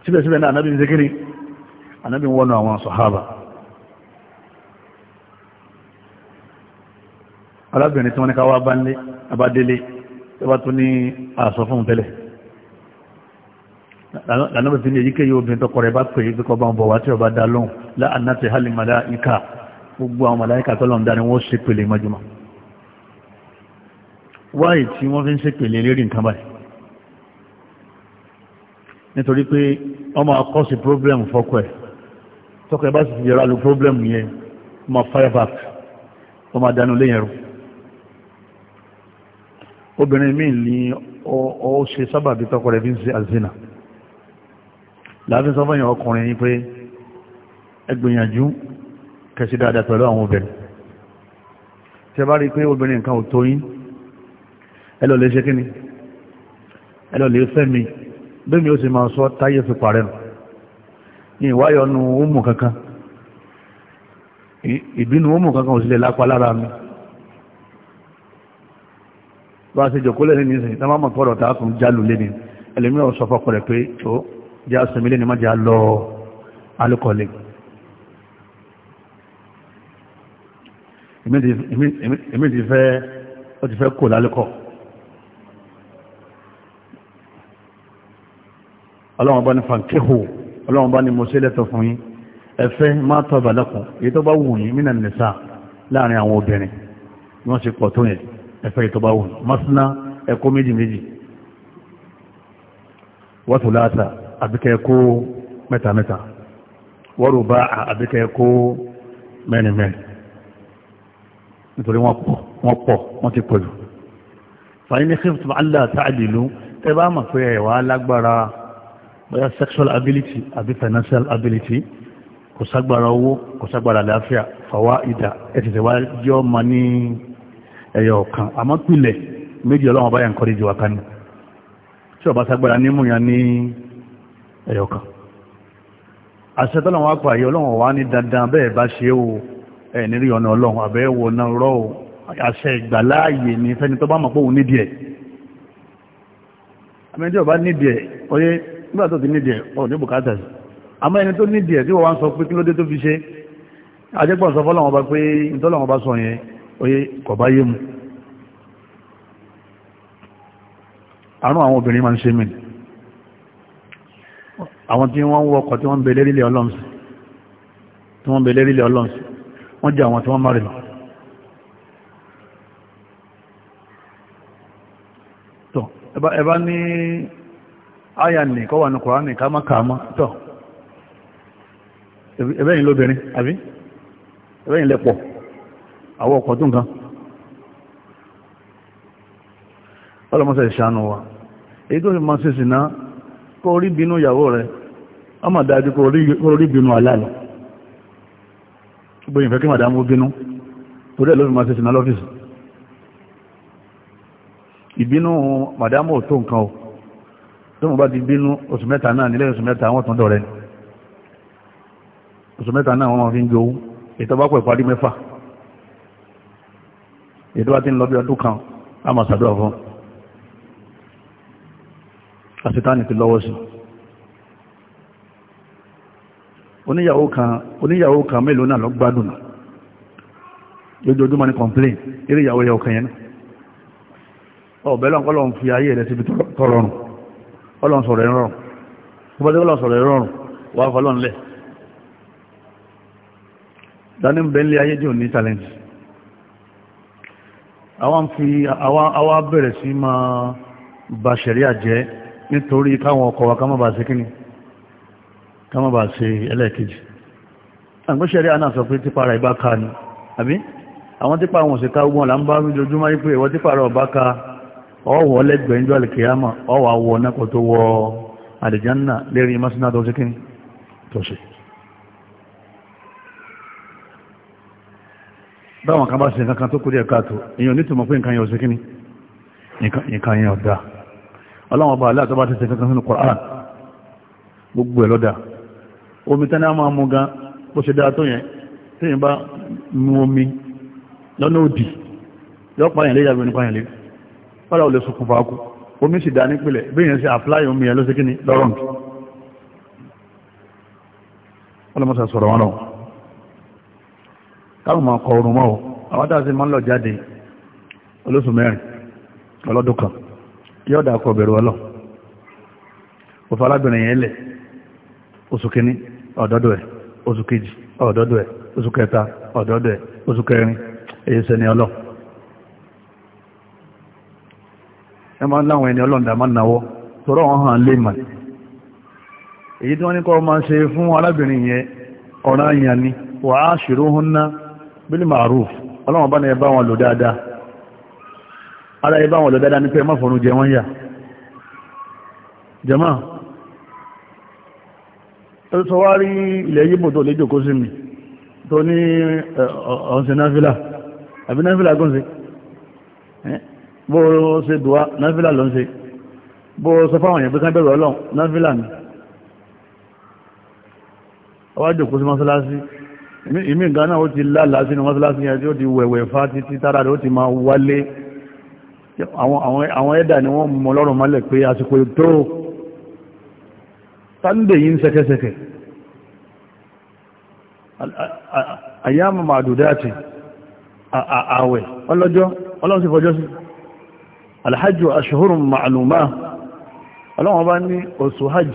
síbẹ̀síbẹ̀ náà anábì ń zikiri anábì wọnú àwọn sahaba arábìnrin tí wọ́n ní ká wá bá ń lé abádélé tó bá tó ní àṣọ fún tẹ́lẹ̀ lànàbẹ̀ fi ní èyíkéyìí obìnrin tọkọ rẹ̀ bá pè é pípọ̀ bá ń bọ̀ wá tí ọba dá lóhùn láàánà ti hálì gbogbo àwọn màláìka tọ́lọ̀ ń dá wọ́n ṣe pèlè mọ́júmọ́ wáyé tí wọ́n fi ń ṣe pèlè lérí nǹkan báyìí nítorí pé ọmọ akọ́sí problem fọ́kọ̀ ẹ̀ tọkọ ẹ bá sì fi yẹra lu problem yẹn ọmọ fireback ọmọ adánulé yẹn rú obìnrin míì ní ó ṣe sábàbí tọ́kọ rẹ̀ fi ń ṣe àzínà láàfin sọ́fẹ́yàn ọkùnrin ní pé ẹgbìyànjú kẹsí dáadáa pẹ̀lú àwọn obìnrin tí ẹ bá rí pé obìnrin nǹkan ò tó yín ẹlọ lè ṣe kíni ẹlọ lè fẹ́ mi bí mi ó sì máa sọ táyé fi parẹ́ nù ní ìwáyọ̀ nu ó mú kankan ìbínú ó mú kankan ò sí lè lápá lára mi bá a ṣe jòkó lẹ́ni nísìnyí tán bá mọ̀ pọ̀rọ̀ tá a tún jálù lẹ́ni ẹlòmíràn sọ fọ́kọ rẹ̀ pé tó jẹ́ àṣẹmí lẹ́ni má jẹ́ lọ alukọ̀lẹ̀ èmi ti fẹ́ ó ti fẹ́ kò lálùkọ̀ ọlọ́wọ́n bá ní fankéhò ọlọ́wọ́n bá ní mo ṣe lẹ́tọ̀ fún yín ẹ̀fẹ́ má tọ́ bàlẹ́kùn èyí tó bá wù yín mí nà láàrin àwọn obìnrin wọ́n ṣe pọ̀ tó yẹn ẹ̀fẹ́ ìtọba wù masina ẹ̀kọ́ méjì méjì wọ́tò láta àbíkẹ́ ẹ̀kọ́ mẹ́ta mẹ́ta wọ́rù bá àbíkẹ́ ẹ̀kọ́ mẹ́rin mẹ́rin nítorí wọ́n pọ̀ wọ́n pọ̀ wọ́n ti pọ̀jù fàyín ní kíftù allah ta'adilu tẹ́ bá mọ̀ pé ẹ̀wà lágbára bóyá sexual ability àbí financial ability kò ságbára owó kò ságbára àlàáfíà fàwa ìdá ẹ̀tẹ̀tẹ̀ wá jẹ́ ọmọ ní ẹ̀yọ̀ ọ̀kan àmọ́ pilẹ̀ méjì ọlọ́wọ́n báyà ń kọ́ díjú wákà ní tí ọba sagbára ní mú yàn ní ẹ̀yọ̀ ọ̀kan àṣẹ tọ́lọ́wọ́n apá yìí ọlọ́wọ́n wá ní dandan bẹ́ẹ̀ bá ṣe o ẹ̀ nírí ọ̀nà ọlọ́wọ́n àbẹ́wò náà rọ́ o àṣẹ ìgbàláàyè ní fẹ́ni tó bá mọ̀ pé òun nídìí ẹ̀ àmẹ́jọ́ bá nídìí ẹ̀ oyé nígbà tó ti nídìí ẹ̀ ọ̀ ní bùkátà sí àmọ́ ẹni tó nídìí ẹ̀ tí wọ́n wá ń sọ pé kí ló dé tó fi ṣe ajẹ́gbọ́n sọ fọ́lọ́wọ́n bá pé ìtọ́lọ́wọ́n bá sọ yẹn oyé kọ̀báyé mu àrùn àwọn obìnrin máa ń ṣe mìí àwọn tí wọ́n wọ́kọ̀ tí wọ́n belé rílẹ̀ ọlọ́nsì tí wọ́n belé rílẹ̀ ọlọ́nsì wọ́n jẹ́ àwọn tí wọ́n márìlọ tọ́ ẹbá ní àyà ní kọwà ní kọ̀ránì kámákàmá tọ́ ẹbẹ́yìn lóbìnrin àbí ẹbẹ́yìn lẹ́pọ̀ àwọn ọkọ̀ tó nǹkan ọlọ́mọsẹ̀ ìṣànú wa èyí tó fi máa ṣe sìná kó rí bínú ìyàwó rẹ̀ a máa dájú kó rí bínú aláàlọ́ gbogbo ìfẹ́ kí màdámú bínú torí ẹ̀ ló fi máa ṣe sìná lọ́fíìsì ìbínú màdámú ò tó nǹkan o tó mọ̀ bá di bínú oṣù mẹ́ta náà nílẹ̀ oṣù mẹ́ta wọ́n tún dọ̀rẹ́ oṣù mẹ́ta náà wọ́n fi ń jowú ìtọ́bápọ̀ ìparí mẹ́fà ètò bá ti ń lọ bí ọdún kan a máa ṣàdúrà fún àṣetáni ti lọ́wọ́ sí oníyàwó kan oníyàwó kan mélòó náà lọ gbádùn lójoojúmọ́ ni complain eré ìyàwó yẹ ọkàn yẹn náà ọ̀bẹ̀ fi ayé rẹ̀ síbi tọrọrùn ọlọ́n sọ̀rọ̀ ẹ̀ àwọn fi àwa bẹ̀rẹ̀ sí máa bà ṣẹ̀ríà jẹ́ nítorí káwọn ọkọ̀ wa ká má bà ṣe kíni ká má bà ṣe ẹlẹ́ẹ̀kejì àgbẹ́ ṣẹ̀ríà náà sọ pé típa ara ìbá ka ni àbí àwọn típa àwọn òṣèká ogun ọ̀la ń bá rú jojúmọ́ wípé ìwọ típa ara ọba ka ọwọ́ lẹ́gbẹ̀ẹ́ ìjọ àlìkèyàmọ̀ báwọn kan bá ṣe nǹkan tó kúrò ẹ̀ka tó èyàn ní tùmọ̀ pé nǹkan yẹn ọ̀sẹ̀ kíní nǹkan yẹn ọ̀dá ọlọ́wọ́n bá aláàtọ́ bá ti ṣe kankan sínú Qur'an gbogbo ẹ̀ lọ́dà omi tán náà máa mú gan bó ṣe dáa tó yẹn tí yẹn bá mú omi lọ́nà òdì lọ́pàá yẹn léyàwó nípa yẹn lé fọ́lá ò lè sọkùn fàákù omi sì dáa nípìnlẹ̀ bí yẹn ṣe àpláyé omi yẹn lọ́sẹ̀ kíní lọ́rọ̀ nù káwọn máa kọ orun mọ́ o sí máa lọ jáde olóṣù mẹ́rin ọlọ́dún kan kí akọ bẹ̀rù ọlọ́ òfò alábìnrin yẹn lẹ̀ oṣù kìíní ọ̀dọ́dọ̀ ẹ̀ oṣù kejì ọ̀dọ́dọ̀ ẹ̀ oṣù kẹta ọ̀dọ́dọ̀ ẹ̀ tọrọ wọn hàn mà èyí tí wọ́n ní kọ́ máa ṣe fún alábìnrin yẹn àyàn ni wàá bílí ma'ruf ọlọ́wọ́n bá ní ẹbá wọn lò dáadáa ara ẹbá wọn lò dáadáa ní pé má fọ́nú jẹ wọ́n yà jẹmọ́ tó sọ wá rí ilẹ̀ yíbò tó lè jòkó sí mi tó ní ọ̀sẹ̀ náfílà àbí náfílà gùn sí bó ṣe dùwá náfílà ló ń bó sọ fáwọn èèyàn pé ká bẹ̀rù ọlọ́run náfílà ni ọwá jòkó sí mọ́sálásí ìmí ìgbà náà ó ti lálàá sínú mọ́sálásí yẹn tí ó ti wẹ̀wẹ̀ fá títí tára rẹ̀ ó ti máa wálé àwọn ẹ̀dà ni wọ́n mọ̀ lọ́rùn mọ́lẹ̀ pé àsìkò tó tàndé yìí ń sẹ́kẹ́sẹ́kẹ́ àyàmà màdùdáàtì ààwẹ̀ ọlọ́jọ́ ọlọ́sí fọjọ́ sí alhajj ashhurun ma'luma ọlọ́wọ́n bá ní oṣù hajj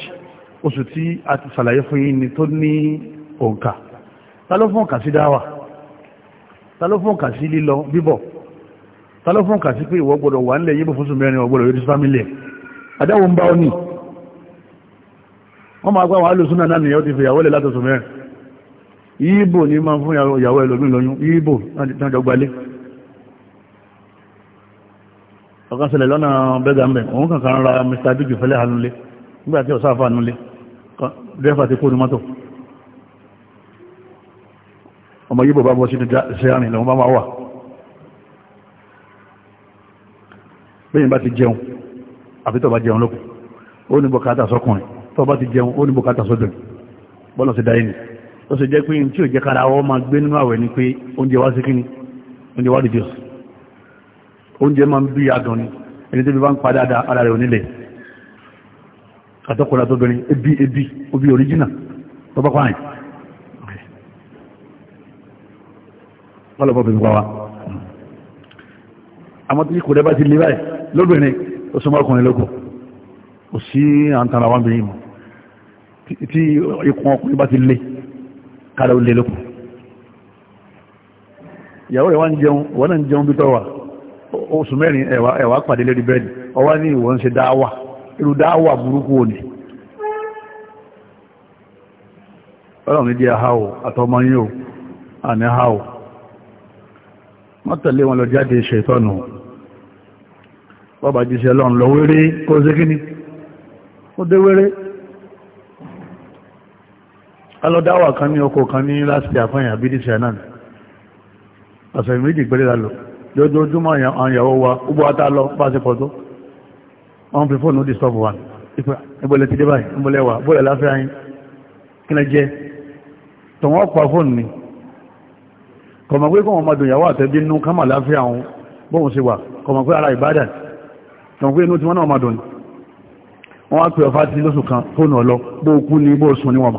oṣù tí a ti sàlàyé fún yìí ni tó ní òǹkà ta ló fún kàsí dáwà ta ló fún kàsí lílọ bíbọ̀ ta ló fún kàsí pé ìwọ gbọdọ̀ wà nílẹ̀ yíbò fún sùn mẹ́rin ọgbọdọ̀ yóò ti fámílì ẹ̀ adáwò ń bá ọ ní wọ́n máa gbá wọn alùsùnà náà nìyàwó ti fìyàwó lẹ̀ látọ̀ sùn mẹ́rin yíbò ní máa fún ìyàwó ẹlòmí lọ́yún yíbò náà jọ gbalé ọ̀kan ṣẹlẹ̀ ọmọ yíbò bá bọ́ sí ṣe àrìn lọ́wọ́ bá máa wà bẹ́yìn bá ti jẹun àfi tọ́ bá jẹun lókù ó ní bọ́kátà sọ́kùnrin tọ́ bá ti jẹun ó ní bọ́kátà sọ́dọ̀n bọ́lọ̀ sí dáyé ni ó sì jẹ́ pé tí ò jẹ́ kára ọ máa gbé nínú àwẹ̀ ni pé oúnjẹ wá sí kíni oúnjẹ wá dìde oúnjẹ máa ń bí adùn ni ẹni tó bí bá ń padà dá ara rẹ̀ onílẹ̀ àtọ́kùnrin àtọ́bìnrin ebi ebi obi original tọ́ bá pààyàn wọ́n lọ́pọ̀ fi wá àmọ́ tí kò dẹ́bá ti lè báyìí lóbìnrin ó súnmọ́ ọkùnrin lókò kò sí àǹtara wọn bìnrin mọ̀ tí ikùn ọkùnrin bá ti lè kára ó lè lókò ìyàwó rẹ̀ wá ń jẹun wọ́n náà ń jẹun bí tọ́wà oṣù mẹ́rin ẹ̀wà pàdé lórí bẹ́ẹ̀dì ọwá ní ìwọ̀n ṣe dáwà irú dáwà burúkú òní ọlọ́run ní díẹ̀ háwò àtọmọ yíò àní háwò wọ́n tẹ̀lé wọn lọ jáde ṣètọ́nù bọ́bá jíṣẹ́ lọ́n lọ wéré kó ṣe kíní ó dé wéré alọ́dáwà kan ní ọkọ̀ kan ní láti àfáyàn àbí díṣẹ́ náà ọ̀sẹ̀ méjì pẹ̀lẹ́ lálọ́ lójoojúmọ́ àyàwó wa gbogbo ata lọ bá ṣe pọ̀ tó wọ́n ni kọmọ pé kọmọ ọmọdún ìyàwó àtẹ́bí nú kámà láfíà wọn bóhun sí wà kọmọ pé ara ìbádà kọmọ pé inú tí wọ́n náà ọmọdún wọ́n wá pè ọfá tí lóṣù kan fóònù ọlọ bó kú ní bó sùn níwọ̀n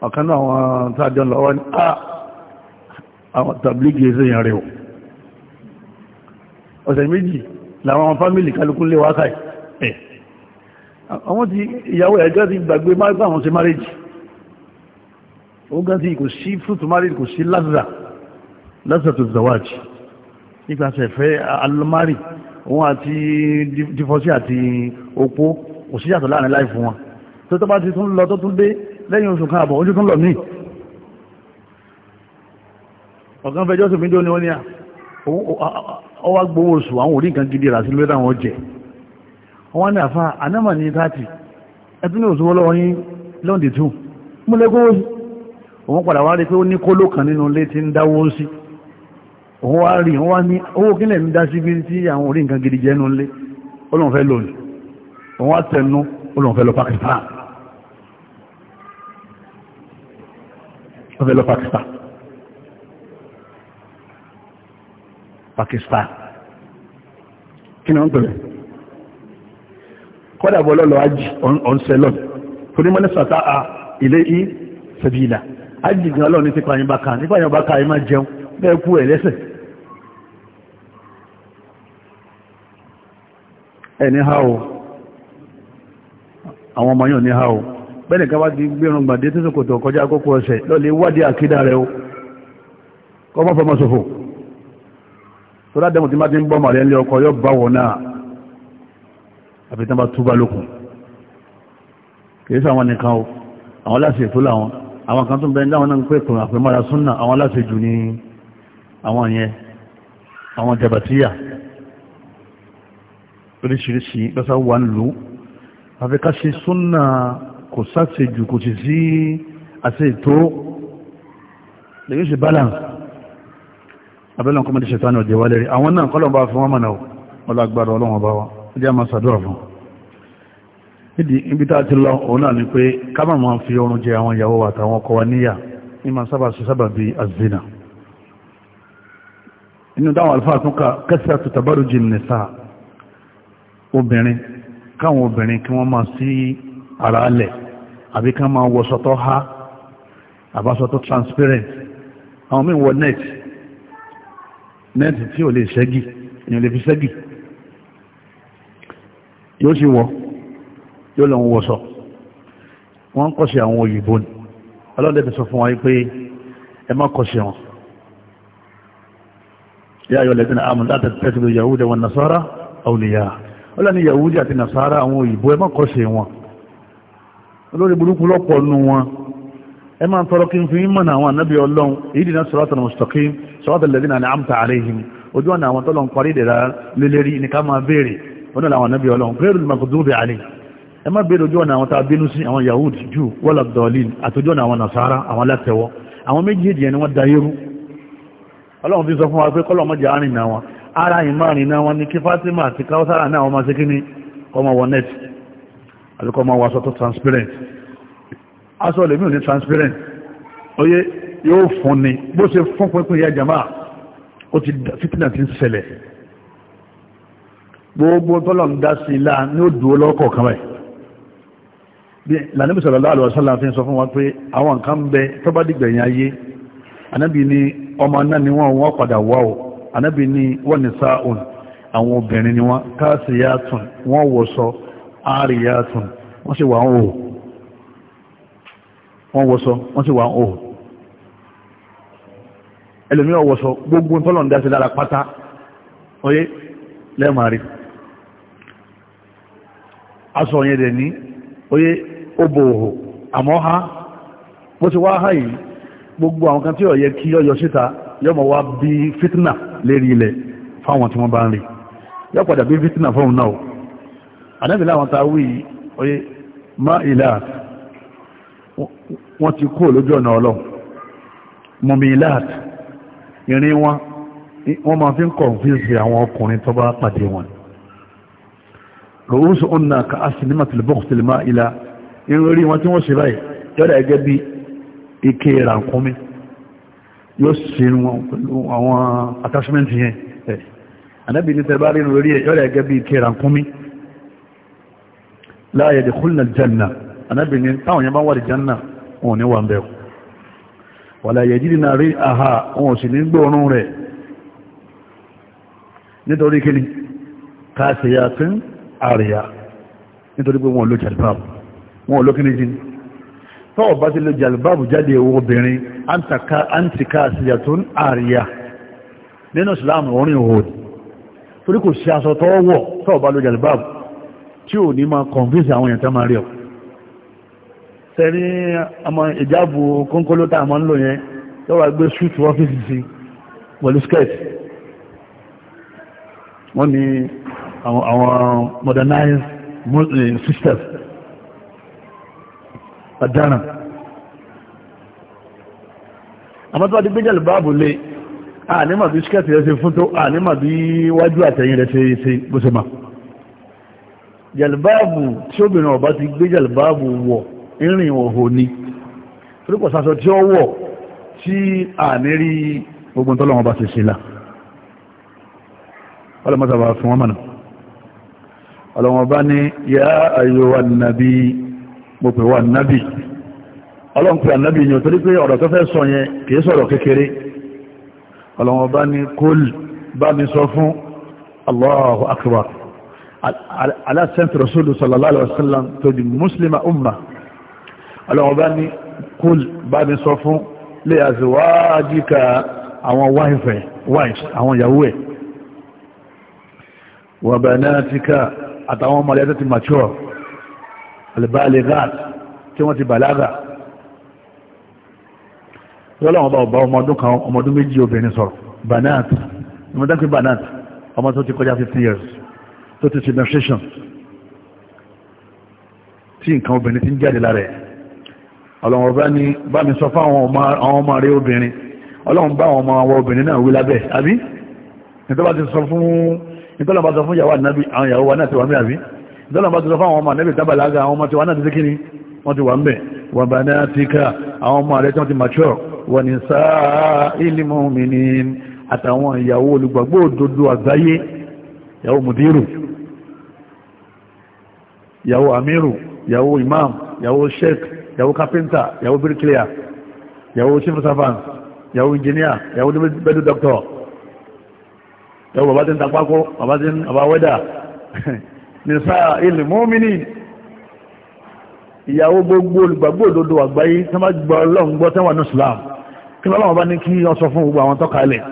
ọ̀kan náà àwọn tàjọ lọ́wọ́ ní ah, àwọn tàbílìgì ẹsẹ̀ yẹn rẹ̀ ọ̀sẹ̀ méjì làwọn fámìlì kálukú ìyàwó ẹ̀jọ́ ti gbàgbé máa gbà àwọn ṣe márèjì ó gán sí kò sí fruit marriage kò sí lazza lazza tó zawaj nípasẹ̀ fẹ́ alomari òun àti difọ́sí àti opó kò sí yàtọ̀ láàrin láì fún wọn tó tó bá ti tún lọ tó tún dé lẹ́yìn oṣù kan àbọ̀ ojú tún lọ ní ọ̀gán fẹjọ́ sí fídíò ní wọ́n ní à ọwá gbówó oṣù àwọn orí nǹkan gidi rà sí lórí àwọn jẹ wọ́n ní àfá anámà ní 30 ẹtún ní oṣù wọ́lọ́wọ́ yín lọ́ndì 2 múlẹ́gbówó òun padà wá rí pé ó ní kóló kan nínú ilé tí ń dáwó sí òun wá rí òun wá ní owó kílẹ̀ ń dá sí bí tí àwọn orí nǹkan gidi jẹ́ nínú ilé olóhùn fẹ́ lò òun wá tẹnu olóhùn lọ Pakistan wọ́n lọ Pakistan Pakistan kí ni wọ́n pẹ̀lẹ̀ kọ́dà bọ́ lọ́lọ́ ajì ọ̀nsẹ̀lọ́n kò ní ní sàtà ilé i sabila ajìgbìn ọlọ́run ti pààyàn bá ká nípa àyàn bá ká ẹ má jẹun bẹ́ẹ̀ kú ẹ̀ lẹ́sẹ̀ ẹni ha o àwọn ọmọ yàn ní ha o bẹ́ẹ̀ni ká bá ti gbérun gbàdé tí sòkòtò kọjá àkókò ọ̀sẹ̀ lọ́lẹ̀ wádìí àkídà rẹ o kọ́ mọ́ fọmọ tó láwọn àwọn kan tó bẹ̀rẹ̀ láwọn náà ń pè tòrò àpẹmọ́ra súnnà àwọn aláṣejù ní àwọn yẹn àwọn jabatíyà oríṣiríṣi lọ́sá wà ń lú afẹ́ká ṣe súnnà kò sáṣejù kò sì sí àṣẹ ètò lèyí ṣe balance abẹ́lẹ̀ kọ́mọdé ṣètánì ọ̀jẹ̀wálẹ́rí àwọn náà kọ́lọ̀ bá fún wọn mọ̀nà ọlọ́gbàrọ̀ ọlọ́wọ̀n bá wọn ó jẹ́ àmà sàdúrà fún wọn nídìí ibi tá a ti lọ òun náà ni pé ká má máa fi oorun jẹ àwọn ìyàwó àtàwọn ọkọ wa níyà ní máa sábà ṣe sábà bíi azina inú dáwọn alfáà tún ká kẹsì àtútàbárò jì nìsa obìnrin káwọn obìnrin kí wọ́n máa sí ara alẹ̀ àbí ká máa wọṣọ tó há àbáṣọ transparent àwọn míì wọ net net tí ò lè ṣẹ́gi èèyàn lè fi ṣẹ́gi yóò sì wọ́ yóò lọ wọ́sọ̀ wọ́n ń kọ́sí àwọn òyìnbó ni ọlọ́dẹ̀ ti sọ fún wa pé ẹ má kọ́sí wọn yá ayọ̀ lẹ́gbẹ̀ẹ́ àmì láti tẹ́tìlú yahudu wọn nasara awliya ọlọ́ni yahudu àti nasara àwọn òyìnbó ẹ má kọ́sí wọn olórí burúkú lọ́pọ̀ nù wọn ẹ máa ń tọrọ kí n fi ń mọ̀nà àwọn anábì ọlọ́run èyí dì náà sọ̀rọ̀ mustaqim ojú ọ̀nà àwọn tọ́lọ̀ ń parí ìdẹ̀ra lélẹ́rí ní ká máa béèrè wọn náà làwọn anábì ọlọ́run ghayril maghdubi alayhim ẹ má bèèrè ojú ọ̀nà àwọn tá a bínú sí àwọn yahud jù wọ́lá dọ̀ọ̀lìn àtòjú ọ̀nà àwọn nasara àwọn alátẹ̀wọ́ àwọn méjèèjì ẹni wọ́n dayérú ọlọ́run fi sọ fún wa pé kọ́lọ̀ mọ́jà arìn náà wọn ara ìmáàrin náà wọn ni kí Fatima àti Kausara náà wọn máa ṣe kí ni wọn net àti kọ́ máa wọṣọ tó transparent aṣọ lèmi ò ní transparent oyé yóò fún ni bó ṣe fún pínpín ìyá jama ó ti fitina ti ń ṣẹlẹ̀ gbogbo tọ́lọ̀ ń dá sí i ní ó dúró lọ́kọ̀ọ̀kan báyìí lànàbí sallallahu alaihi wasallam fi ń sọ fún wa pé àwọn nǹkan bẹ tó bá dìgbẹ̀yìn ayé anábì ní ọmọ náà ni wọ́n wọ́n padà wá o anábì ní wọ́n ní sáàùn àwọn obìnrin ni wọ́n káàsìyàtùn wọ́n wọ́sọ àríyàtùn wọ́n sì wà ń hò wọ́n wọ́sọ wọ́n sì wà ń hò ẹlòmí ọ̀wọ́sọ gbogbo tọ́lọ̀n dá sí lára pátá oyé lẹ́ẹ̀mà rí aṣọ yẹn dẹ̀ ní oyé ó bò òhò àmọ́ ha bó ti wá ha yìí gbogbo àwọn kan tí ó yẹ kí yọ síta yọmọ wá bí fitna lérí ilẹ̀ fáwọn tí wọ́n bá ń rí yọ padà bí fitna fóun náà àdábìlá àwọn ta wí oye má ilá wọ́n ti kó lójú ọ̀nà ọlọ́run mọ̀mí ilá ìrìn wọn wọ́n máa fi ń kọ̀nfíìsì àwọn ọkùnrin tó bá pàdé wọn rọ̀wọ́sọ̀ ọ̀nà ka asìnìmọ̀tìlẹ̀bọ̀kùtìlẹ̀má ilá irun orí wọn tí wọ́n ṣe báyìí yọ́dà gẹ́gẹ́ bí ike ìrànkúnmí yóò ṣe wọn pẹ̀lú àwọn attachment yẹn ẹ̀ anábì ní tẹ́lẹ̀ bá rí irun orí ẹ̀ yọ́dà gẹ́gẹ́ bí ike ìrànkúnmí la yadkhulna aljanna anábì ní táwọn yẹn bá wà janna wọn ní wà ń bẹ̀rù wàlá yajidna ri'aha wọn sì ní gbóòórùn rẹ̀ nítorí kíni káàsì yàtún àríyá nítorí pé wọn ló jẹ̀lbáàbù wọn ò lókínní jí tọ́wọ̀ bá ti lè jàlùbáàbù jáde ewu obìnrin antika àṣìyàtún àríyá nínú islam orin òhòdì torí kò sí aṣọ tọ́wọ́ wọ̀ tọ́wọ̀ bá lè jàlùbáàbù tí ò ní máa kọ̀nfíìsì àwọn èèyàn tó máa rí ọ sẹ́ni ọmọ ìjáàbù kónkóló tá a ń lò yẹn lọ́wọ́ gbé ṣúùtù ọ́fíìsì sí pẹ̀lú skẹ́ẹ̀tì wọ́n ní àwọn modernized muslim sisters ọ̀daràn àmọ́ tó bá ti gbé jẹ́lù báàbù lé ànímà bí skẹ́tì rẹ̀ ṣe fún tó ànímà bí wájú àtẹ̀yìn rẹ̀ ṣe ṣe bó ṣe ma jẹ̀lùbáàbù tí obìnrin ọ̀bá ti gbé jẹ̀lùbáàbù wọ̀ ìrìn òhò ni torípọ̀ sàṣọ tí ó wọ̀ tí àní ogun tọ́lọ́wọ́n bá ṣe ṣe ọlọ́mọ́sàbà fún wọn mọ̀nà ọlọ́wọ́n bá ní yá àyọ̀wà nàbí mo pè wà nábì ọlọ́run pè ànábì yẹn torí pé ọ̀rọ̀ tó fẹ́ sọ yẹn kìí sọ̀rọ̀ kékeré ọlọ́run bá ní kól bá mi sọ fún Allahu akbar aláṣẹ́ntì rasúlù sallallahu alaihi wasallam tó di muslima albalighat tí wọ́n ti bàlágà lọ́lọ́wọ́n bá ọba ọmọdún kan ọmọdún méjì obìnrin sọ̀rọ̀ banat ọmọdún banat ọmọ tó ti kọjá 15 years tó ti menstruation tí nǹkan obìnrin ti ń jáde lára ẹ̀ ọlọ́wọ́n bá ní bá mi sọ fáwọn ọmọ rẹ̀ obìnrin ọlọ́wọ́n bá àwọn ọmọ àwọn obìnrin náà wí lábẹ́ àbí nítorí bá ti sọ fún ìyàwó ànábì àwọn ìyàwó wa náà ti wà mí àbí ìdọ́là bá ti sọ fáwọn ọmọ ànẹ́bì tábàlága àwọn ọmọ tí wọ́n náà ti sí kíní wọ́n ti wà ń bẹ̀ wà bá náà ti ká àwọn ọmọ rẹ̀ tí wọ́n ti mature wọ́n ni sáà ilimu minin àtàwọn ìyàwó olùgbàgbọ́ òdodo àgbáyé ìyàwó mudiru ìyàwó amiru ìyàwó imam ìyàwó sheik ìyàwó carpenter ìyàwó bricklayer ìyàwó civil servant ìyàwó engineer ìyàwó bedu doctor ìyàwó bàbá tí ń tapákó nìsá ilẹ̀ mọ́mìnì ìyàwó gbogbo olùgbàgbọ́ òdodo àgbáyé tí wọ́n gbọ́ ọlọ́run gbọ́ tẹ́wà ní islam kí lọ́wọ́ bá ní kí wọ́n sọ fún gbogbo àwọn tọ́kalẹ̀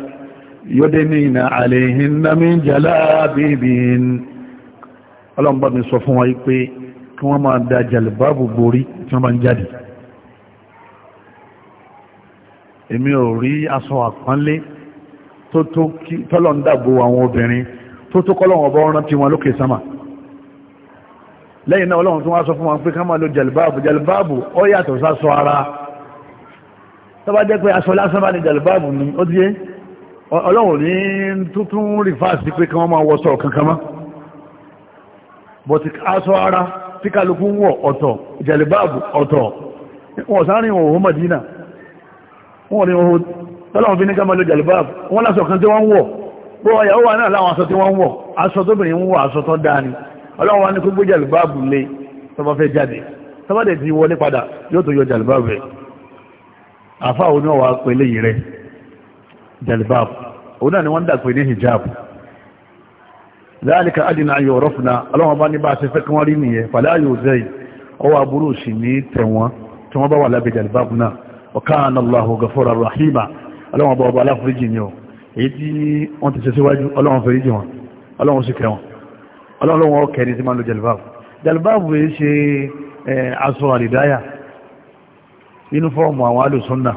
yóde ní ìnà àlèyìn nàmí jàlá bíbí ọlọ́run bá mi sọ fún wa pé kí wọ́n máa da jàlùbáàbù borí tí wọ́n bá ń jáde èmi ò rí aṣọ àpánlé tó tó tọ́lọ̀ ń dàbò àwọn obìnrin tó tó kọ́lọ̀ ọ̀bọ̀ ọ̀rán wọn lókè sámà lẹ́yìn náà ọlọ́run tó wá sọ fún wọn pé ká máa lo jẹ̀lbáàbù jẹ̀lbáàbù ó yàtọ̀ sásọ ara tó bá jẹ́ pé aṣọ lásán bá ní jẹ̀lbáàbù ni ó díé ọlọ́run ní tuntun rìfáàsì pé kí wọ́n máa wọ́sọ̀ kankan mọ́ aṣọ ara tí kálukú wọ̀ ọ̀tọ̀ jẹ̀lbáàbù ọ̀tọ̀ wọn sáárín òhun Madina wọn ni òhun tọ́lọ́run fi ní ká máa lo jẹ̀lbáàbù wọn lásọ kan tí wọ́n ń wọ̀ bó ọyàwó wà náà láwọn aṣọ tí wọ́n wọ̀ aṣọ tóbìnrin ń wọ̀ aṣọ tó dáa ni ọlọ́run wa ní kó gbé jàlùbáàbù lé tọ́ba fẹ́ jáde tọ́ba dẹ̀ ti wọlé padà yóò tó yọ jàlùbáàbù rẹ̀ àfa òun náà wà pé léyìí rẹ̀ jàlùbáàbù òun náà ni wọ́n dà pé ní hijab láàrín àdínà ayò rọ́fúnà ọlọ́run bá ní bá ṣe fẹ́ kí wọ́n rí nìyẹn pàdé ayò ọlọ́run ọlọ́lọ́wọ́ kẹni tí máa lo jalibáàbù jalibáàbù yìí ṣe aṣọ àlìdáyà yúnífọ́ọ̀mù àwọn alùsùnà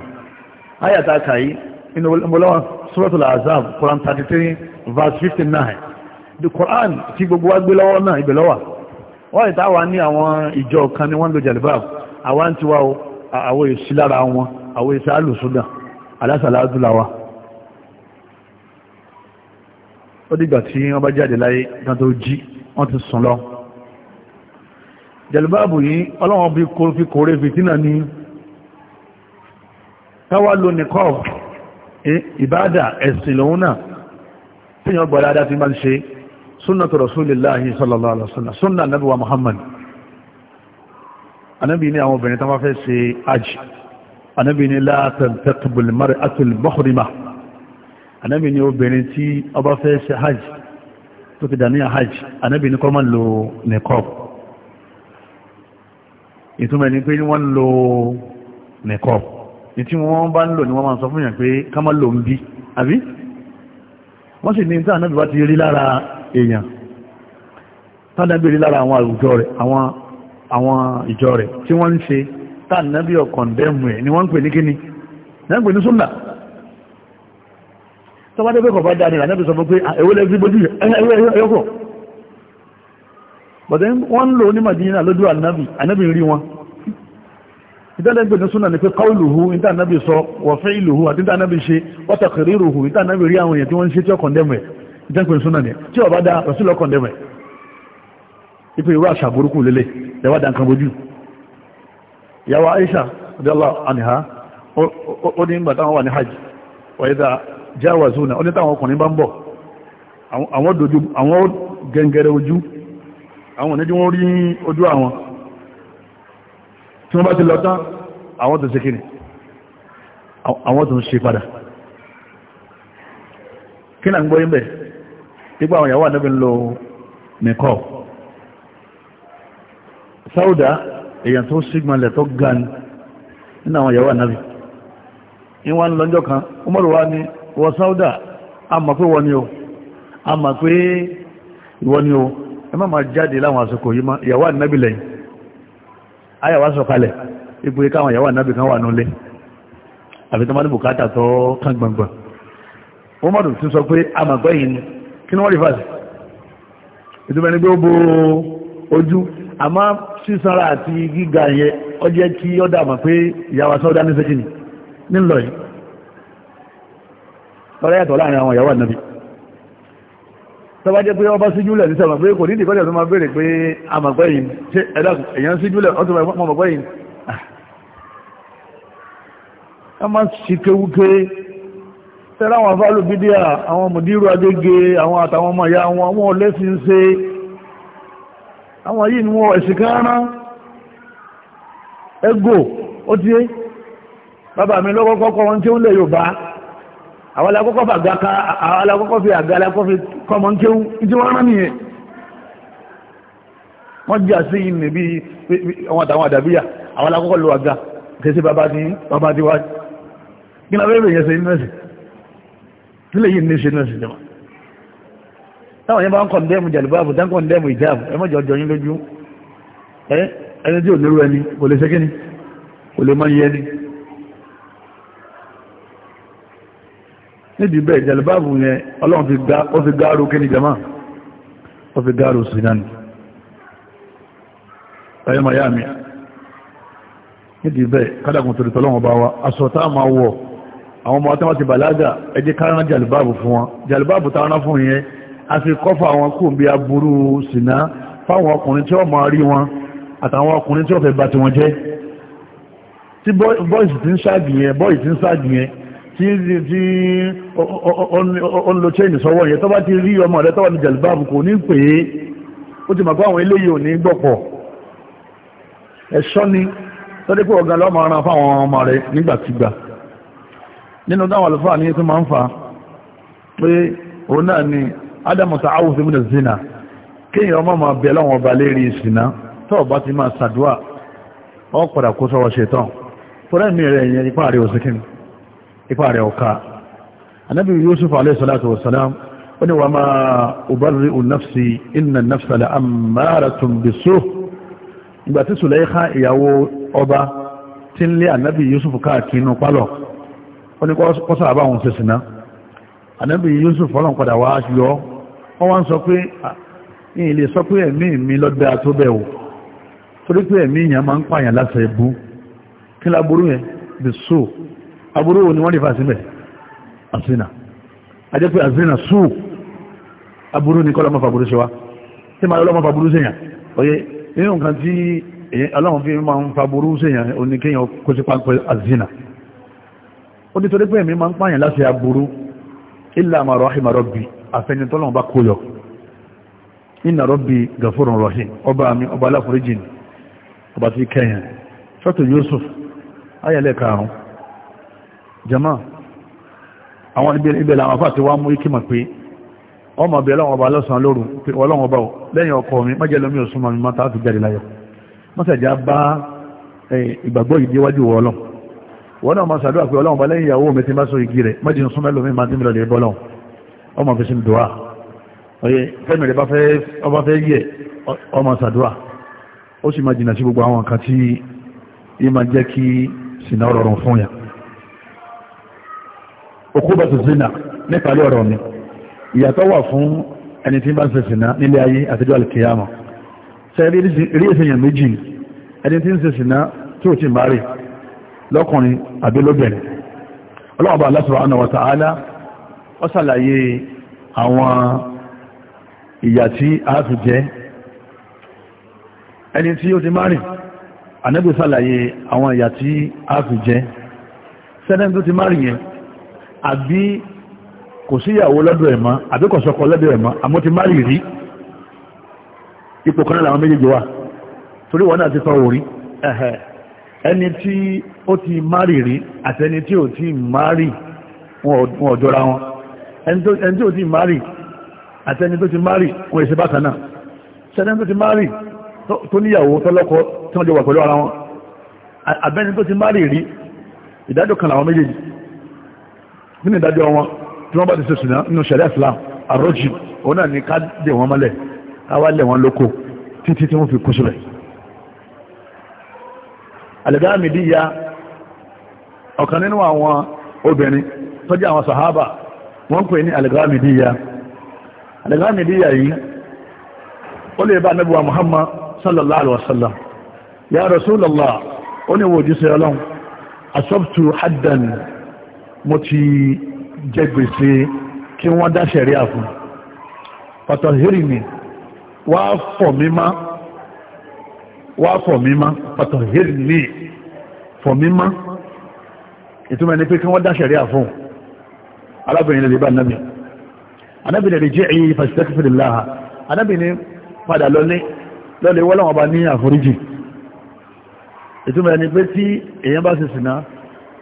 ayàtà kàyí inú mọ́lọ́wọ́ suratul azab quran 33 verse 59 the quran tí gbogbo wa gbé lọ́wọ́ náà ibẹ̀ lọ́wà wọ́n ìta wà ní àwọn ìjọ kan ni wọ́n lo jalibáàbù àwọn ó dìgbà tí wọ́n bá jáde láyé kan tó jí wọ́n ti sùn lọ jẹ̀lúbáàbù yìí ọlọ́wọ́n fi kó fi kòrè fìtínà ní káwà ló nìkọ́ ìbádà ẹ̀sìn lòun náà tí yàn gbọ́dá dá ti máa ń ṣe súnà tó rasulillahi sallallahu alaihi wasallam súnà nabi wa muhammad anábi ní àwọn obìnrin tó máa fẹ́ ṣe ajì anábi ní la tantaqibu al-mar'atu al anábì ni obìnrin tí ọba fẹ́ ṣe hajj tó ti dàníyàn hajj anábì ní kọ́ máa lo nìkọ́b ìtumọ̀ ni pé wọ́n lo nìkọ́b ìtí wọ́n bá ń lò ní wọ́n máa sọ fún yàn pé ká má lò ń bí àbí wọ́n sì ní tí anábì bá ti rí lára èèyàn tánàbì rí lára àwọn àwùjọ rẹ̀ àwọn ìjọ rẹ̀ tí wọ́n ń ṣe tánàbì ọ̀kọ̀ndẹ́mù ẹ̀ ni wọ́n ń pè ní kíni wọ́n ń pè ní súnà tọ́wọ́ dé pé kọ̀ọ̀bá dáadé ànábì sọ pé ah, èwo lẹ́ fi bójú ẹ̀yọ́kọ̀ bọ̀dẹ̀ wọ́n ń lò ní Madina lójú ànábì ànábì rí wọn ìdálẹ́gbẹ̀ ní súnà ní pé káwùlùhù ìdá ànábì sọ wọ̀fẹ́ ìlùhù àti ìdá ànábì ṣe wọ́tàkìrìrùhù ìdá ànábì rí àwọn èèyàn tí wọ́n ṣe tí ọkàn dẹ́mẹ̀ ìdẹ́gbẹ̀ súnà ní tí ọba dá dẹ́mẹ̀ ìwé àṣà burúkú lélẹ̀ lẹ́wà dá nǹkan bójú ìyàwó Aisha ó ní ìgbà táwọn wà ní hajj jáwàzúnà ó ní táwọn ọkùnrin bá ń bọ̀ àwọn dojú àwọn gẹngẹrẹ ojú àwọn oníjú wọ́n rí ojú àwọn tí wọ́n bá ti lọ àwọn tó sékìrì àwọn tó ń padà kí náà ń gbọ́ ìbẹ̀ ipò àwọn ìyàwó lọ sáúdà tó gan nínú àwọn ìyàwó ìwọ̀n wọ sáúdà a mọ̀ pé wọ́n ni o a mọ̀ pé ìwọ́n ni o ẹ má ma jáde láwọn àsìkò yìí má ìyàwó ànábì lẹ́yìn ayàwó sọ̀kalẹ̀ ipò káwọn ìyàwó ànábì kan wà nulẹ̀ àfi tó má ní bùkátà tó kán gbọ̀ngbọ̀n wọ́n mọ̀dù tún sọ pé a mọ̀ pé yìí kí ni wọ́n rí fàṣẹ ìtumẹ̀ ni bo ojú àmọ́ sísanra àti gíga yẹn ó jẹ́ kí ó dà mọ̀ pé ìyàwó sọ́dá lọ́rẹ́ yàtọ̀ láàrin àwọn ìyàwó ànábì tó bá jẹ́ pé ọba sí júlẹ̀ nísẹ̀mọ̀ pé kò nídìí kọ́lẹ̀ tó máa bèèrè pé amọ̀gbẹ́yìn ṣe ẹ̀dàkùn èèyàn sí júlẹ̀ ọtún mọ̀gbẹ́yìn ẹ má sì kéwúké tẹ́lá àwọn afáàlù bídíà àwọn mùdírù adége àwọn àtàwọn ọmọ ìyá wọn àwọn ọlẹ́sìn ṣe àwọn yìí ni wọ́n ẹ̀sìn kárá ẹgò ó tiẹ́ bàbá mi lọ́kọ́kọ́ wọn tí ó ń lẹ̀ Yorùbá àwọn alákọ́kọ́ fi àga ká àwọn alákọ́kọ́ fi àga alákọ́kọ́ fi kọ́mọ kéwú ìdí wọ́n rán nìyẹn wọ́n jà sí ìnì bí àwọn àtàwọn àdàbíyà àwọn alákọ́kọ́ lo àga kẹsí bàbá ti bàbá ti wá kí ni abẹ́rẹ́ yẹn ṣe ní nọ́ọ̀sì kí lè yí ní ṣe nọ́ọ̀sì jẹ́ wọn táwọn yẹn bá ń kọ̀ndẹ́mù jàlùbáàbù tán kọ̀ndẹ́mù ìjáàbù ẹ mọ́jọ jọ yín lójú ẹni níbi bẹ́ẹ̀ jẹ̀lẹ̀báàbù yẹn ọlọ́run fi gáàrù kí ní jama ó fi gáàrù sinani ẹ̀yẹ́ miami níbi bẹ́ẹ̀ kádàkùn torí tọ́lọ́wọ́n bá wa aṣọ tá a máa wọ̀ àwọn ọmọ atẹ́wọ́n ti bàlágà ẹ jẹ́ kárán jẹ̀lẹ̀báàbù fún wọn jẹ̀lẹ̀báàbù tààrán fún yẹn a fi kọ́fà wọn kò bí tí ó ń lo chain sọ́wọ́ yẹn tó bá ti rí ọmọ rẹ̀ tọ́wọ́ ní jẹ̀lbáàbù kò ní pè é ó ti màkó àwọn eléyìí ò ní gbọ́pọ̀ ẹ̀ṣọ́ ni tọ́dé pé ọ̀gá lọ́mọ ara fáwọn ọmọ rẹ̀ nígbàtígbà nínú dáwọn àlùfáà ní ètò máa ń fa pé òun náà ni adamu ta'awuf ti múnà zina kéèyàn ọmọ máa bẹ̀ láwọn ọba lérí ìsìná tọ́ọ̀ bá ti máa sàdúà ọ́ padà kó sọ́wọ́ ṣetán fúnra mi rẹ̀ yẹn ipá rẹ̀ òsìkíni ipa rẹ̀ ọ̀ka anábì yusuf aleyhisalatu wasalam ó ní wà máa ubarri nafsi inna nafsa la amara tun bi so ìgbà tí sùlẹ́ká ìyàwó ọba tí ń lé anábì yusuf káàkiri inú pálọ̀ ó ní kọ́sà àbá òun ṣe sìná anábì yusuf ọlọ́n padà wá yọ wọ́n wá ń sọ pé ìyìn lè sọ pé ẹ̀mí mi lọ́dẹ́ àtúbẹ̀ torí pé ẹ̀mí ìyàn máa ń pààyàn láti ẹ̀bú kí láburú yẹn bi so aburú wo ni wọ́n lè fà síbẹ̀ azina ajẹ́ pé azina sùn aburú ni kọ́lọ́mọ́ fàburú ṣe wá tí máa lọ́mọ́ fàburú ṣèyàn oye nínú nǹkan tí ọlọ́run fi máa ń fàburú ṣèyàn oníkéyàn kó sí pápẹ́ azina ó ní torí pé èmi máa ń pààyàn láti aburú illa ma rahima rabbi àfẹnitọ́lọ́run bá kó yọ inna rabbi gafurun rahim ọba mi ọba aláforíjì ọba tí kẹyàn sọ́tò Yusuf ayẹlẹ́ karùn-ún jama àwọn ibẹ̀rẹ̀ ibẹ̀rẹ̀ àwọn afáàtí wá mú ikima pé ọmọ bẹ̀rẹ̀ ọlọ́wọ́ ọba lọ́sàn lóru pé ọlọ́wọ́ ọba lẹ́yìn ọkọ mi májẹ̀lómi òsùn mami mata fi jáde láyọ̀ mọ́sàjá bá ìgbàgbọ́ ìdíwájú wọ́ọ́lọ́ wọ́n náà máa sàdúrà pé ọlọ́wọ́ ọba lẹ́yìn ìyàwó mi ti bá so igi rẹ̀ májẹ̀ ń súnmọ́ lómi máa ti mìíràn lè bọ́ lọ́wọ́ ọmọ fi sin dùá ọyẹ fẹ́mi rẹ̀ bá fẹ́ yẹ ọmọ sàdúrà ó sì máa jìnà sí gbogbo àwọn kan tí yìí máa jẹ́ kí sinà rọrùn fún yàn òkúbọ̀tù zina nípàlẹ̀ ọ̀rọ̀ mi ìyàtọ̀ wà fún ẹni tí bá ń ṣe sìná nílé ayé àtijọ́ alìkìyàmà ṣe rí èsèyàn méjì ẹni tí ń ṣe sìná tí ò ti márì lọ́kùnrin àbí lóbìnrin ọlọ́ọ̀bà Allah subhanahu wa ta'ala ó ṣàlàyé àwọn ìyà tí a fi jẹ́ ẹni ti márì ànábì yẹn àbí kò síyàwó lọ́dọ̀ ẹ̀ mọ́ àbí kò sọ́kọ lọ́dọ̀ ẹ̀ mọ́ àmọ́ ti má rí rí ipò kan láwọn méjèèjì wà torí wọn náà ti sọ orí ẹni tí ó ti márì rí àti ẹni tí ò ti márì wọn ò jọra wọn ẹni tí ò ti márì àti ẹni tó ti márì wọn èsì bákan náà ṣẹlẹ̀ tó ti márì tó níyàwó tọ́lọ́kọ tí wọ́n jọ wà pẹ̀lú ara wọn àbẹ́ni tó ti márì rí ìdájọ́ kan làwọn méjèèjì nínú ìdájọ́ wọn tí wọ́n bá ti ṣe sùnà nínú ṣẹ̀rẹ́ islam àrọ́jì òun náà ní ká dè wọ́n mọ́lẹ̀ ká wá lẹ̀ wọ́n lóko títí tí wọ́n fi kú sílẹ̀ àlẹ́gáàmìdíyà ọ̀kan nínú àwọn obìnrin tó jẹ́ àwọn sàhábà wọ́n pè ní àlẹ́gáàmìdíyà àlẹ́gáàmìdíyà yìí ó lè bá nẹ́bùwà muhammad sallallahu alaihi wasallam ya rasulallah ó ní wo jíṣẹ́ ọlọ́run asọ́pùtù haddan mo ti jẹ gbèsè kí wọ́n dá sẹ̀ríà fún pàtó hírì mi wá fọ̀ mí má wá fọ̀ mí má pàtó hírì mi fọ̀ mí má ìtumọ̀ ẹni pé kí wọ́n dá sẹ̀ríà fún alábìnrin lè bá nàbì anábì lè jẹ́ èyí fastaghfirullah anábì ní padà lọlé lọlé wọ́lọ́wọ́ bá ní àforíjì ìtumọ̀ ẹni pé tí èèyàn bá ṣe sìnà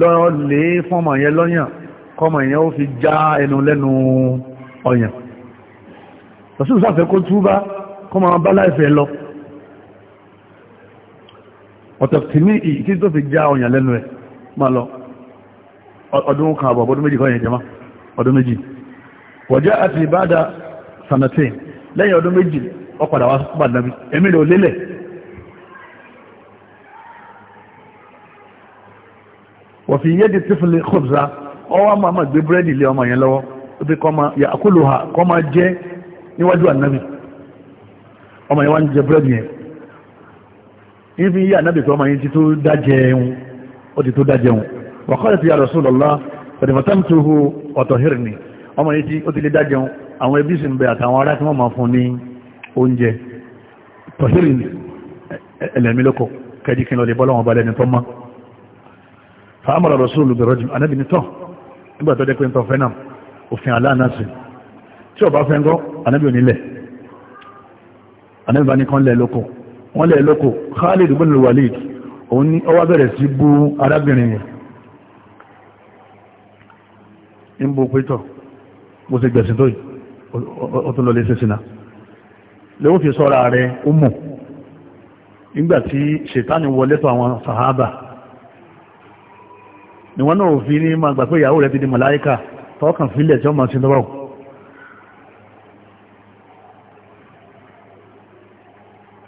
lọ lè fọ́mọ̀ yẹn lọ́yàn kọmọ̀ yẹn ó fi já ẹnu lẹ́nu ọ̀yàn lọ́sùn sáfẹ́ kó túbá kọmọ̀ bá láìfẹ́ lọ ọ̀tọ̀tì ní ìtí tó fi já ọ̀yàn lẹ́nu ẹ̀ máa lọ ọdún kan àbọ̀ ọdún méjì kọ́yìn jẹma ọdún méjì wọ̀já àti ìbádà sanatain lẹ́yìn ọdún méjì ọ̀padà wá pàdánù ẹ̀mí rẹ̀ ò lélẹ̀ wọ̀fì yẹ́dì tífìlì kọ́bùsà ọwọ́ máa máa gbé búrẹ́dì lé ọmọ yẹn lọ́wọ́ ó fi kọ́má yà àkólò ha kọ́má jẹ́ níwájú ànábì ọmọ yẹn wá ń jẹ búrẹ́dì yẹn yìí fi yí ànábì tó ọmọ yẹn ti tó dá jẹun ó ti tó dá jẹun wàkọ́lẹ̀ ti yà Rasulullah pẹ̀lẹ́mọ̀tàmùtòhù ọ̀tọ̀hìrì ni ọmọ yẹn ti ó ti lè dá jẹun àwọn ẹbí sì ń bẹ àtàwọn ará tí wọ́n máa fún ní oúnjẹ tọ̀hìrì ni ẹlẹ́mí lóko lè bọ́ lọ́wọ́ balẹ̀ ní tọ́mọ́ fàámọ̀rọ̀ rọ̀súlù bẹ̀rọ̀ jù anábì nítọ̀ nígbà tó jẹ́ pé ń tọ́ fẹ́ tí ọba fẹ́ ń gọ́ anábì onílẹ̀ anábì bá ní kan lẹ̀ wọ́n lẹ̀ lóko Khalid ibn Walid òun ní ọwá bẹ̀rẹ̀ sí arábìnrin yẹn ń bú ni wọ́n náà fi ní ma gbà pé ìyàwó rẹ̀ ti di màláíkà tọ́kàn fílẹ̀ tí ó máa ṣe lọ́wọ́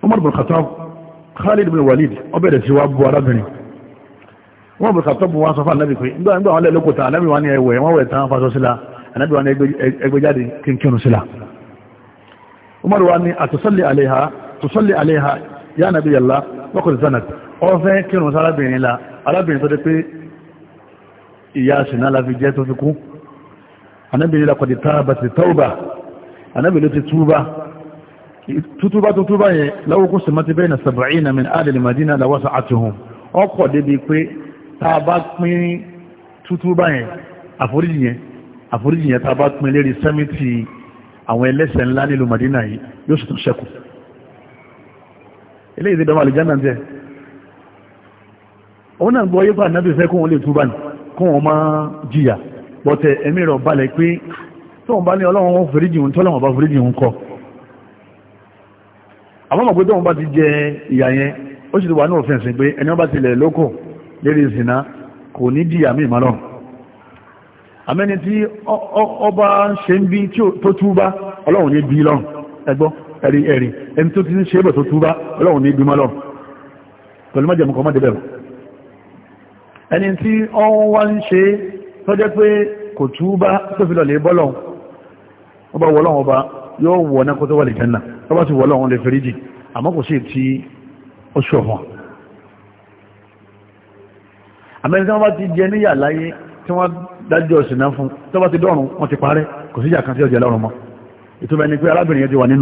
Umar bin Khattab Khalid bin Walid ó bẹ̀rẹ̀ sí wá bú arábìnrin Umar bin Khattab wá sọ fún anábì pé nígbà nígbà wọn lẹ́lẹ́kọta anábì wọn ni ẹwẹ̀ wọn wẹ̀ tán faṣọ síla anábì wọn ni ẹgbẹ́jáde kínkínu síla Umar wa ni àtúsọ́lì àléhà ìyá ṣìnà láfi jẹ́ tó fi kú anábì ní lakọ̀dì tábà ti tọ́ọ̀bà anábì ló ti túbà tútúbà tó yẹn láwọ́kún sí mọ́tí bẹ́ẹ̀ na sàbàáyí na min adìlì madina da wasa àtihun ọkọ̀ débi pé tábà pín tútúbà yẹn àforíjì yẹn àforíjì yẹn tábà pín lérí sẹ́mìtì madina yìí yóò sì tún ṣẹ́kù eléyìí ti dọ́mọ àlìjánà ń tẹ́ kún wọn máa jìyà bọ́tẹ̀ eh, ẹ̀mí rẹ̀ balẹ̀ pé tóun bá ní ọlọ́run wọn fèrèjì òun tọ́lọ́wọ́n bá fèrèjì òun kọ́ àmọ́ mọ̀ pé tóun bá ti jẹ ìyà yẹn ó sì ti wà ní òfin ẹ̀sìn pé ẹni wọn bá tilẹ̀ lóko lérí ìsìnà kò ní jìyà míì má lọ́run àmẹ́ni tí ọba ṣe ń bí tó túbá ọlọ́run ní bí lọ́run ẹgbọ́ ẹ̀rí ẹ̀rí ẹni tó ti ń ṣe é bẹ̀ tó túbá ọlọ́run ní bí má lọ́run pẹ̀lú mọ́jẹ̀mú kan mọ́ ẹni tí ọ wá ń ṣe tó jẹ́ pé kò túbá tó fi lọlẹ̀ bọ́lọ̀ ọba wọ́lọ́wọ́ ọba yóò wọ̀ náà kó tó wà lè jẹ́nà ọba sì wọ́lọ́wọ́ lè fẹ́ríjì àmọ́ kò sí ti oṣù ọ̀hún àmẹ́rin tí wọ́n bá ti jẹ níyà láyé tí wọ́n dájọ́ ṣìnà fún tó bá ti dọ́rùn wọ́n ti parẹ́ kò sí ìyàkan tí ó ni pé arábìnrin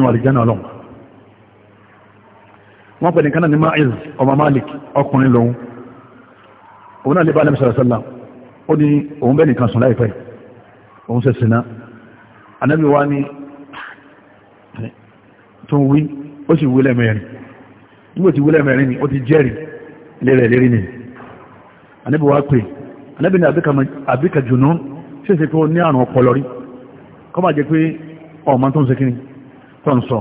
Malik ọkùnrin òun náà lè bá alẹ́ sọ̀rọ̀ sọ́lá ó ní òun bẹ́ẹ̀ nìkan sùn láìpẹ́ òun ṣe sìnà anábì wa ní tó wí ó sì wí lẹ́mẹ̀rin nígbà tí wí lẹ́mẹ̀rin ni ó ti jẹ́rì lérẹ̀ lérí ni anábì wa pè anábì ní àbíkà jùnú ṣèṣe pé ó ní àrùn ọpọlọ rí kọ́ jẹ́ pé ọmọ tó ń ṣe kíni ń sọ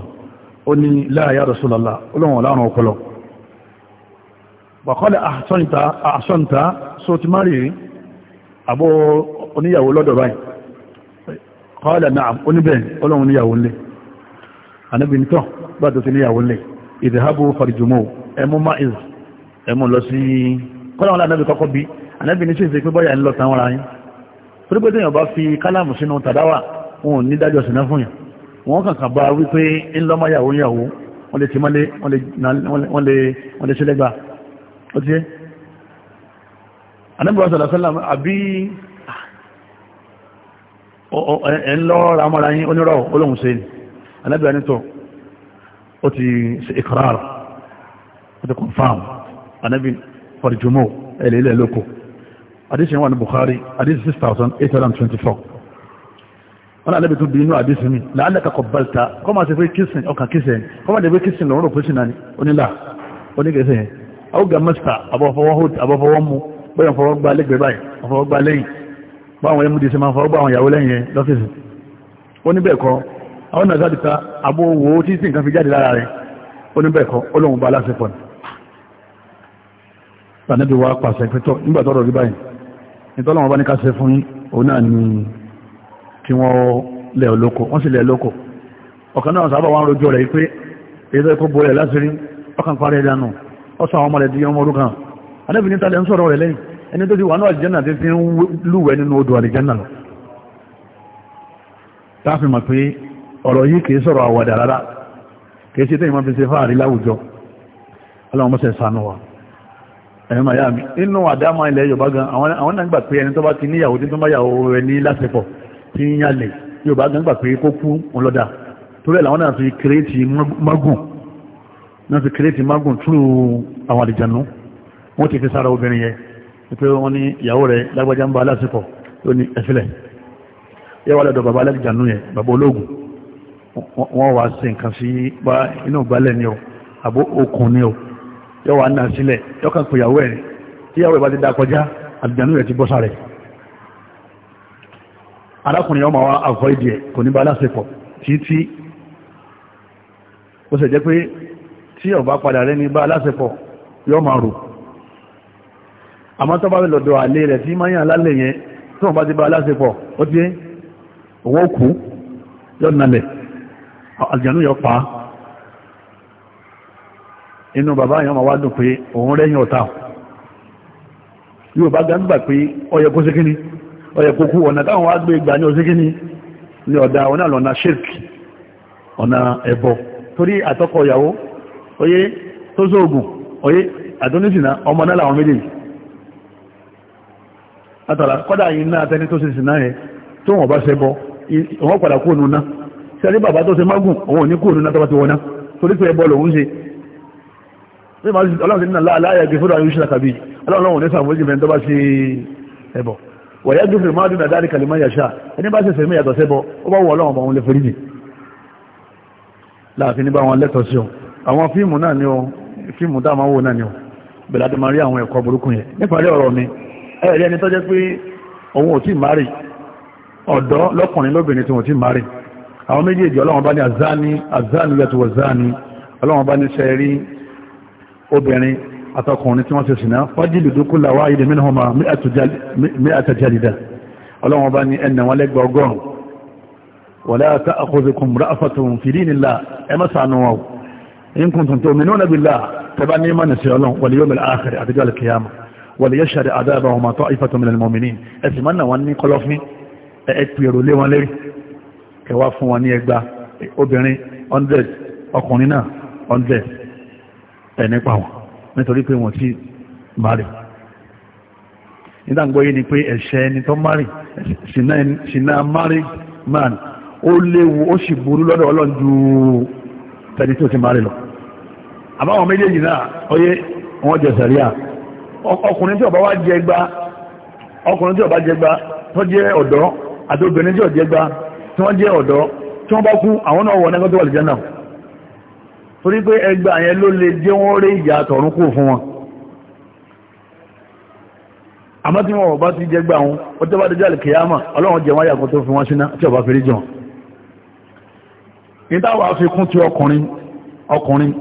ó ní la ya ó lóun ọ̀la àrùn wàkọ́lẹ̀ àṣọ́ǹta so ti máa rí rí àbó oníyàwó lọ́dọ̀ báyìí kọ́lẹ̀ náà oníbẹ̀ ọlọ́run níyàwó lè anábìntọ́ bá tó ti níyàwó lè ìdìhábò fàrìjùmọ́ ẹmú máìz ẹmú lọ sí kọ́lẹ̀ wọn anábì kọ́kọ́ bí anábì ní ṣèṣe pé bọ́yà ń lọ tán wọ́n torí pé téèyàn bá fi kálàmù sínú tàdáwà wọn ò ní dájọ́ sínú fún yàn wọ́n kàn kàn bá wípé ńlọ́mọ yàwó yàwó lè ti mọ́lé wọ́n lè sílẹ́gbàá ó ti yẹ́ anábìwá sàlásálà àbí ẹ̀ ń lọ́ ra mọ́ra yín onírọ̀ olóhùn sí ni anábìwá nítọ̀ ó ti ṣe ìkọ̀rọ̀ ó ti confam anábì fọ̀rìjùmọ́ ẹ̀lẹ́ ilẹ̀ lóko àdíṣẹ́ wà ní Bukhari àdíṣẹ́ 6824 wọ́n anábì tó bí inú àdíṣẹ́ mi láàlẹ́kà kọ̀bálta kọ́ máa ṣe fẹ́ kìsìn ọkàn kìsìn kọ́ máa ṣe fẹ́ kìsìn lọ́rọ̀ pẹ́sìn náà ni onílà onígẹ̀ẹ́sẹ̀ yẹn a ó ga mẹ́sà àbọ̀fọwọ́mú bẹ́ẹ̀ fọwọ́ gba lẹ́gbẹ̀ẹ́ báyìí fọwọ́ gba lẹ́yìn báwọn ẹmúdí sí máa fọwọ́ gba àwọn ìyàwó lẹ́yìn lọ́fíìsì ó ní bẹ́ẹ̀ kọ́ àwọn náà sáàdìta abówó tí sí nǹkan fi jáde lára rẹ̀ ó ní bẹ́ẹ̀ kọ́ olóhun bá aláṣepọ̀ ní tànẹ́bí wa pàṣẹ pẹ́tọ́ nígbà tọ́rọ̀ rí báyìí nítọ́lọ́wọ́n bá ní ká ṣe fún òun náà ni kí wọ́n lẹ̀ olóko wọ́n sì lẹ̀ olóko ọ̀kan náà sábà wọn rojọ́ rẹ̀ pé èyí tó kó bo rẹ̀ láṣìírí ọkàn parẹ́ dànù ọsọ àwọn ọmọdé di ọmọ orúkàn anábì ní tàlẹ̀ ń sọ̀rọ̀ rẹ̀ lẹ́yìn ẹni tó ti wà náà àlìjẹ́nà ti fi ń lúwẹ̀ nínú odò àlìjẹ́nà lọ táàfin mọ̀ pé ọ̀rọ̀ yìí kìí sọ̀rọ̀ àwàdà rárá kìí ṣe tẹ́yìn máa fi ṣe fáàrí láwùjọ ọlọ́mọṣẹ́ sànú wa ẹ̀yìn máa yá mi inú àdámà ilẹ̀ Yorùbá gan àwọn náà gbà pé ẹni tó bá náà fi kírètì mágùn túrú àwọn àlìjànú wọ́n ti fi sára obìnrin yẹ pé wọ́n ní ìyàwó rẹ̀ lágbàjá ń bá aláṣepọ̀ tó ní ẹ̀fílẹ̀ yẹ́wà lọ́dọ̀ bàbá alájànú yẹ bàbá ológun wọ́n wá sí nǹkan sí bá inú balẹ̀ ni o àbó okùn ni o yẹ́wà náà sílẹ̀ yọ́kàn pé ìyàwó ẹ̀ tí ìyàwó ẹ̀ bá ti dá kọjá àlìjànú rẹ̀ ti bọ́ sáré arákùnrin ọmọ wa àfọ́ ìdí ẹ̀ kò ní bá aláṣepọ̀ títí ó sì jẹ́ pé tí ọba padà rẹ ní bá aláṣepọ̀ yọ máa rò àmọ́ tó bá bẹ lọ́dọ̀ àlè rẹ̀ tí máa yàn lálẹ́ yẹn tó bá ti bá aláṣepọ̀ ó ti òun ó kú yọ nalẹ̀ àjànú yọ pa inú bàbá yẹn máa wá dùn pé òun rẹ́yìn ọ̀tá yóò bá gbàgbà pé ọyẹ kó sékíní ọyẹ kó kú ọ̀nà táwọn wá gbé ìgbà ní òsékíní ní ọ̀dà ọ̀nà lọ́nà ṣírkì ọ̀nà ẹbọ torí àtọ́kọ̀ ìyàwó oyé tó sóògùn oyé àdónísìnà ọmọ náà làwọn méjèèjì látara kọ́dà yìí náà tẹni tó sèsì náà yẹn tó wọ́n bá ṣe bọ́ wọ́n padà kó nù náà sẹ́ni bàbá tó ṣe mágùn òun ò ní kó nù náà tó bá ti wọ́n náà torí pé ẹbọ lòun ṣe ọlọ́run ní aláàyà gífúrò àyíṣẹ́ làkàbí ọlọ́run ní sàmójì mẹ́ta bá sí ẹbọ wọ̀yá gífúrò máa dínà dárí kalimá yàṣá ẹni bá sẹ̀sẹ̀ mẹ́yàtọ̀ sẹ́bọ ó bá wọ́n ọlọ́run bá wọn lè forí láàfin ní bá wọn lẹ́tọ̀ sí ohun àwọn fíìmù náà ni o fíìmù dáàmà wò náà ni o bẹ̀rẹ̀ àti máa rí àwọn ẹ̀kọ́ burúkú yẹn níparí ọ̀rọ̀ mi ẹ̀rẹ́ ẹni tó jẹ́ pé òun ò tí márì ọ̀dọ́ lọ́kùnrin lóbìnrin tí wọ́n ti márì àwọn méjèèjì ọlọ́wọ́n bá ní àzáni àzáni yàtọ̀ wọ̀záni ọlọ́wọ́n bá ní ṣe rí obìnrin àtọkùnrin tí wọ́n ti sìnà fájìlì dúkú làwá ìdè mínú ọmọ àtẹ̀jáde ọlọ́wọ́n bá ní ẹnà wọn lẹ́gbẹ̀ẹ́ ọgọ́rùn-ún wọ̀lá àkọ́sẹ̀kùn ráfàtún fìdí nílá ẹ án wọn in kuntum tu'minuna billah tẹ́bá ní ìmọ̀ nìṣẹ́ ọlọ́run wal yawmil akhir àtijọ́ alkiyama wal yashhad adabahuma ta'ifatu minal mu'minin ẹ̀sì máa nà wọ́n ní kọlọ́fín ẹ̀ẹ́pẹ̀rọ lé wọn lérí kẹwàá fún wọn ní ẹgbà obìnrin 100 ọkùnrin náà 100 ẹ̀ nípa wọn nítorí pé wọ́n ti márì nígbàgbọ́ yìí ni pé ẹ̀ṣẹ̀ ẹni tó márì ṣìnà márì man ó léwu ó sì burú lọ́dọ̀ ọlọ́run ju tẹ̀lé tí ó ti máa rí lọ àbáwọn méjèèjì náà oyé wọ́n jẹ sẹ̀ríà ọkùnrin tí ó bá wá jẹ gba ọkùnrin tí ó bá jẹ gba tó jẹ́ ọ̀dọ́ àti obìnrin tí ó jẹ gba tí wọ́n jẹ́ ọ̀dọ́ tí wọ́n bá kú àwọn náà wọ nẹ́gbẹ́ tó wà lìjẹ́ náà torí pé ẹgbà yẹn ló lè jẹ́ wọ́n rí ìyà tọ̀run kù fún wọn àmọ́ tí wọ́n bá ti jẹ gba wọn ó tẹ́ bá dẹjọ́ àlìkèyàmà ọlọ́run jẹ wọ́n yàgò tó fi wọ́n síná tí ó fi rí jọ ìtawà fi kún ti ọkùnrin ọkùnrin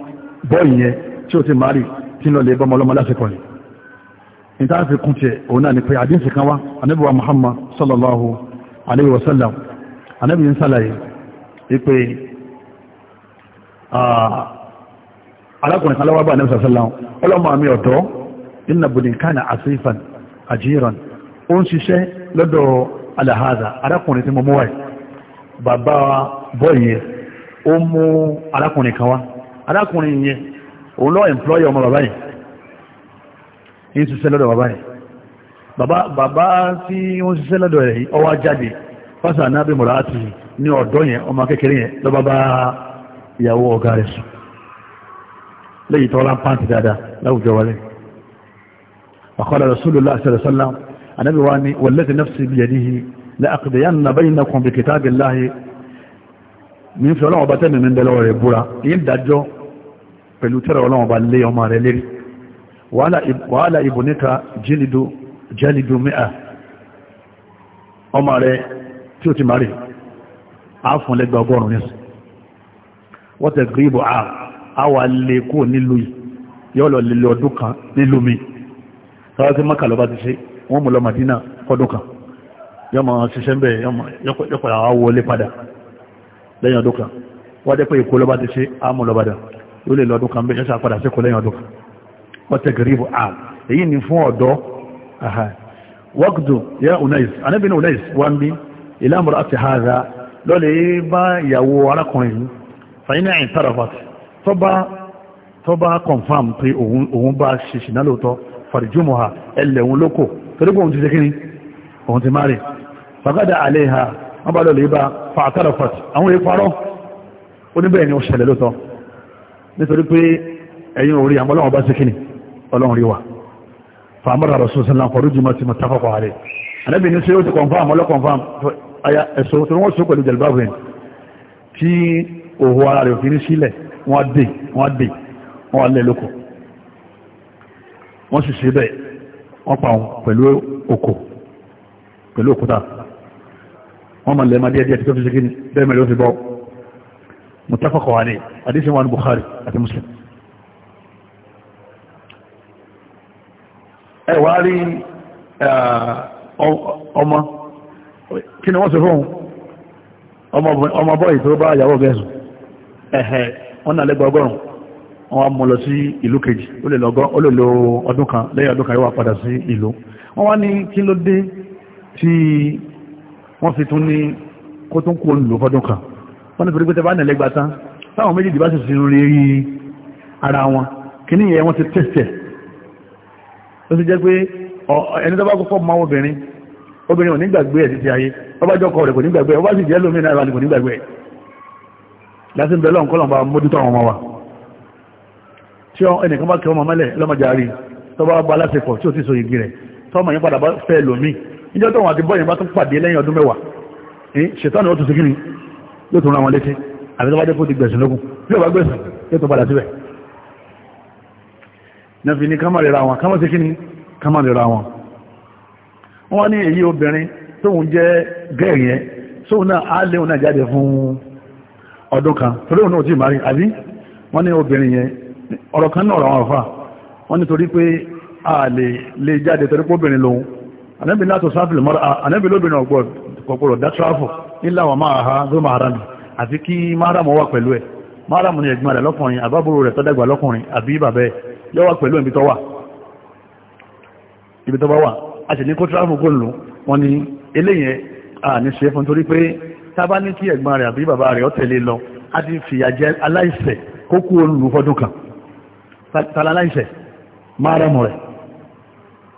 bọ́ọ̀yì yẹn tí ó ti máa rí tí lọ lè bọ́mọ ọlọ́mọ lásìkò rẹ̀ ìtawà fi kún ti ẹ̀ òun náà ni pé àdínsì kan wá anábíwá Muhammad sallallahu alayhi wa sallam anábí ń sálàyé wípé alákùnrin kan lọ́wọ́ bá anábí sallam ọlọ́mọ àmì ọ̀dọ́ inna budinkana asifan ajiran ó ń ṣiṣẹ́ lọ́dọ̀ alahaza arákùnrin tí mo mú wáyé bàbá bọ́ọ̀yì yẹn ó mú arákùnrin kan wá arákùnrin yẹn òun lọ employer ọmọ bàbá yìí ní ṣiṣẹ́ lọ́dọ̀ bàbá yìí bàbá bàbá tí wọ́n ṣiṣẹ́ lọ́dọ̀ rẹ̀ yìí ọwá jáde fásitì anábì mọ̀rá àti ní ọ̀dọ́ yẹn ọmọ kékeré yẹn lọ́ba bá ìyàwó ọ̀gá rẹ̀ sùn lẹ́yìn tó rán pàǹtì dáadáa láwùjọ wọlé àkọọ́lẹ̀ rasulullah sallallahu alaihi wasallam anábì wa ni wallati mi ń fi ọlọ́wọ́ bá tẹ́mi mi ń bẹ lọ́wọ́ rẹ̀ búra ìyẹn dájọ́ pẹ̀lú tẹ́rẹ̀ ọlọ́wọ́ bá lé ọmọ rẹ̀ lérí wàhálà ibò níta jẹ́lìdó mẹ́à ọmọ rẹ̀ tí ó ti máa rí àáfún lẹ́gbẹ̀ ọgọ́rùn ní sí wọ́n tẹ̀ gbé ibò àwà lè kú nílùú yìí yọ́ lọ lè lè ọdún kan nílùú mi tọ́wọ́ tí mọ́kà lẹ́yìn ọdún kan wọ́n jẹ́ pé ikú lọ́ba ti ṣe ámú lọ́ba dà yóò lè lọ́dún kan bẹ́ẹ̀ ṣe àpadà sí lẹ́yìn ọdún kan wọ́n tẹ gẹ̀rìbù àm èyí ni fún ọ̀dọ́ wọ́kùtù yẹ unais anábìnrin unais wá ń bí ìlàmùrọ̀ àti haza lọ́lẹ̀ bá ìyàwó arákùnrin yìí fàyínà ìtàràfàtì tọ́ba tọ́ba confam pé òun bá ṣìṣì náà lóòótọ́ fàrìjúmọ̀ ha ẹlẹ́hun lóko torí pé wọ́n bá lọ lè bá fàtàrà fàtì àwọn ìparọ́ oníbẹ̀ẹ́ ni ó ṣẹlẹ̀ lótọ́ nítorí pé ẹ̀yin orí àmọ́ ọlọ́run bá sí kíni ọlọ́run rí wa fàmọ́ra rọ̀ sọ́sọ́ náà kọ̀rú jùmọ́ ti mọ̀ táfàkọ̀ ààrẹ anábì ní ṣe ó ti confam ọlọ́ confam aya ẹ̀sọ́ tó wọ́n sọ pẹ̀lú jẹ̀lbáwìn tí òhò ara rẹ̀ òfin pẹ̀lú òkúta wọ́n ma lẹ́ẹ̀má díẹ̀ díẹ̀ tí tó fi ṣe kíni bẹ́ẹ̀ mẹ́rin ó fi bọ́ mutafakọ̀ alẹ́ àdísí wọn Bukhari àti Muslim ẹ wá rí ọmọ kí ni wọ́n sọ fún ọmọ bọ́ọ̀yì tó bá yàwó gẹ̀ẹ́sù ẹ̀hẹ̀ wọ́n náà lẹ́gbẹ̀ẹ́ ọgọ́rùn wọ́n mú lọ sí ìlú kejì ó lè lo ọdún kan lẹ́yìn ọdún kan yóò wá padà sí ìlú wọ́n wá ní kí ló dé tí wọ́n fi tún ní kó tún kó lò fọ́dún kan wọ́n ní pẹ̀lúgbẹ́tẹ̀ bá nílẹ̀ gbátá táwọn méjì dìbá sì sí rí rí ara wọn kì ní ìyẹn wọ́n ti tẹ̀sẹ̀ ó sì jẹ́ pé ẹni tó bá kọ́kọ́ mọ obìnrin obìnrin ò ní gbàgbé ẹ̀ títí ayé ọba jọ́kọ̀ rẹ̀ kò ní gbàgbé ọba sì jẹ́ lómi náà kò ní gbàgbé láti bẹ̀rẹ̀ lọ́n kọ́lọ̀ bá mójútó àwọn ọmọ níjọ́ tó wọn àti bọ́yìn bá tún pàdé lẹ́yìn ọdún mẹ́wàá ṣètọ́nù ó tún sí kíni yóò tún ra wọn létí àbí tó bá jẹ́ kó ti gbẹ̀sùn lógún yóò bá gbẹ̀sùn yóò tún padà síbẹ̀ nàfi ní kámà rẹ̀ ra wọn kámà sí kíni kámà rẹ̀ ra wọn wọ́n ní èyí obìnrin tóun jẹ́ gẹ́ẹ̀rì yẹn sóun anábì látò sáfìlì mọ́ra anábì lóbìnrin ọ̀pọ̀lọ̀ dá tráfù nílà wà máa ha zó máa rámi àti kí máàràmù wà pẹ̀lú ẹ̀ máàràmù ni ẹ̀gbọ́n rẹ̀ lọ́kùnrin àbábúrò rẹ̀ tọ́dẹ̀gbà lọ́kùnrin àbí bàbẹ́ yọ wà pẹ̀lú ibi tó wà ibi tó bá wà a sì ní kó tráfù kó lù wọn ni eléyẹn a ní ṣe fún torí pé tá bá ní kí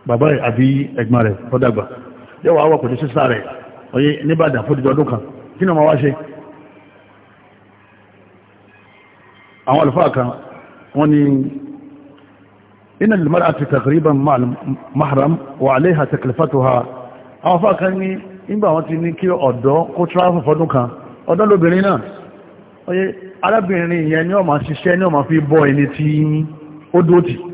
bàbá rẹ̀ àbí ẹ̀gbọ́n rẹ̀ fọ́dàgbà yẹ́wà àwọ̀ pẹ̀lú sísá rẹ̀ oyé níbàdàn fódìdọ̀ ọdún kan kí náà ma wá ṣe àwọn alfáà kan wọ́n ni iná lèmọ́ra àti takriban mahram wà aléha taklifatuha àwọn afáà kan ní ìgbà wọ́n ti ní kí ọ̀dọ́ kó tráfù fọ́dún kan ọ̀dọ́ lóbìnrin náà oyé arábìnrin yẹn ni ó máa ṣiṣẹ́ ni ó máa fi bọ́ ẹni tí ó dóòtì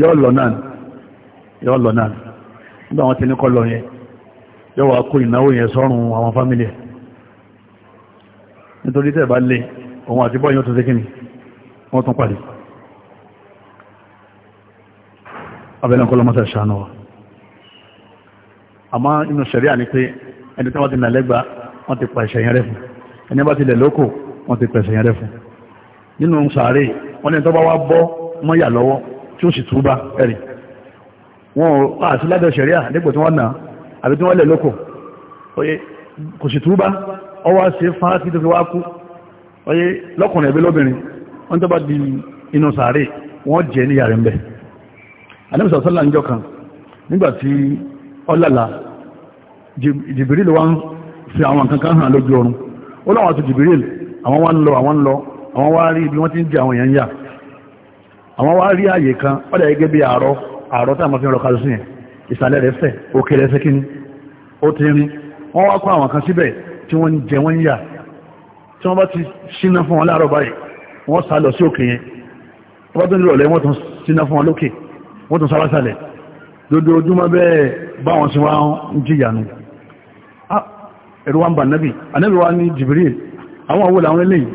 yọ́ lọ náà yọ́ lọ náà nígbà wọn ti ní kọ́ lọ yẹn yọ́ wà kó ìnáwó yẹn sọ́rùn àwọn fámílì nítorí tẹ́ bá lé òun àti bọ́yìn tó sékíní wọ́n tún pàdé abẹ́lẹ́ ọkọ̀ lọ́mọ́sẹ̀ ṣàánú wa àmọ́ inú ṣẹ̀rí à ní pé ẹni tí wọ́n ti nàlẹ́gbà yẹn rẹ̀ fún nínú sàárè wọ́n ní tó bá wá bọ́ mọ́yà lọ́wọ́ tí ó sì túbá ẹ̀rì wọn àti lábẹ́ ṣẹ̀ríà nípò tí wọ́n náà àbí tí wọ́n lẹ̀ lókò oye kò sì túbá ọwá sí fáátí tó fi wá kú oye lọ́kùnrin ẹ̀bí lóbìnrin wọ́n tó bá di inú sàárè wọ́n jẹ́ ní yàrá ńbẹ̀ anẹ́bùsà sọ́là ń jọkan nígbàtí ọlọ́lá jìbìrìlì wọ́n fi àwọn kankan hàn lójú ọrùn ó láwọn àti jìbìrìlì àwọn àwọn wá rí ibi wọ́n ti ń jẹ àwọn èèyàn yà àwọn wá rí àyè kan ọ̀dà gẹ́gẹ́ bí àárọ̀ àárọ̀ tí a máa fi rọ kàlùsí yẹn ìsàlẹ̀ rẹ̀ fẹ̀ òkè rẹ̀ sẹ́kíní ó ti rin wọ́n wá kó àwọn kan síbẹ̀ tí wọ́n ń jẹ wọ́n ń yà tí wọ́n bá ti síná fún wọn láàárọ̀ báyìí wọ́n sá lọ sí òkè yẹn wọ́n bá tún lè ah, Jibril àwọn àwòlà àwọn eléyìí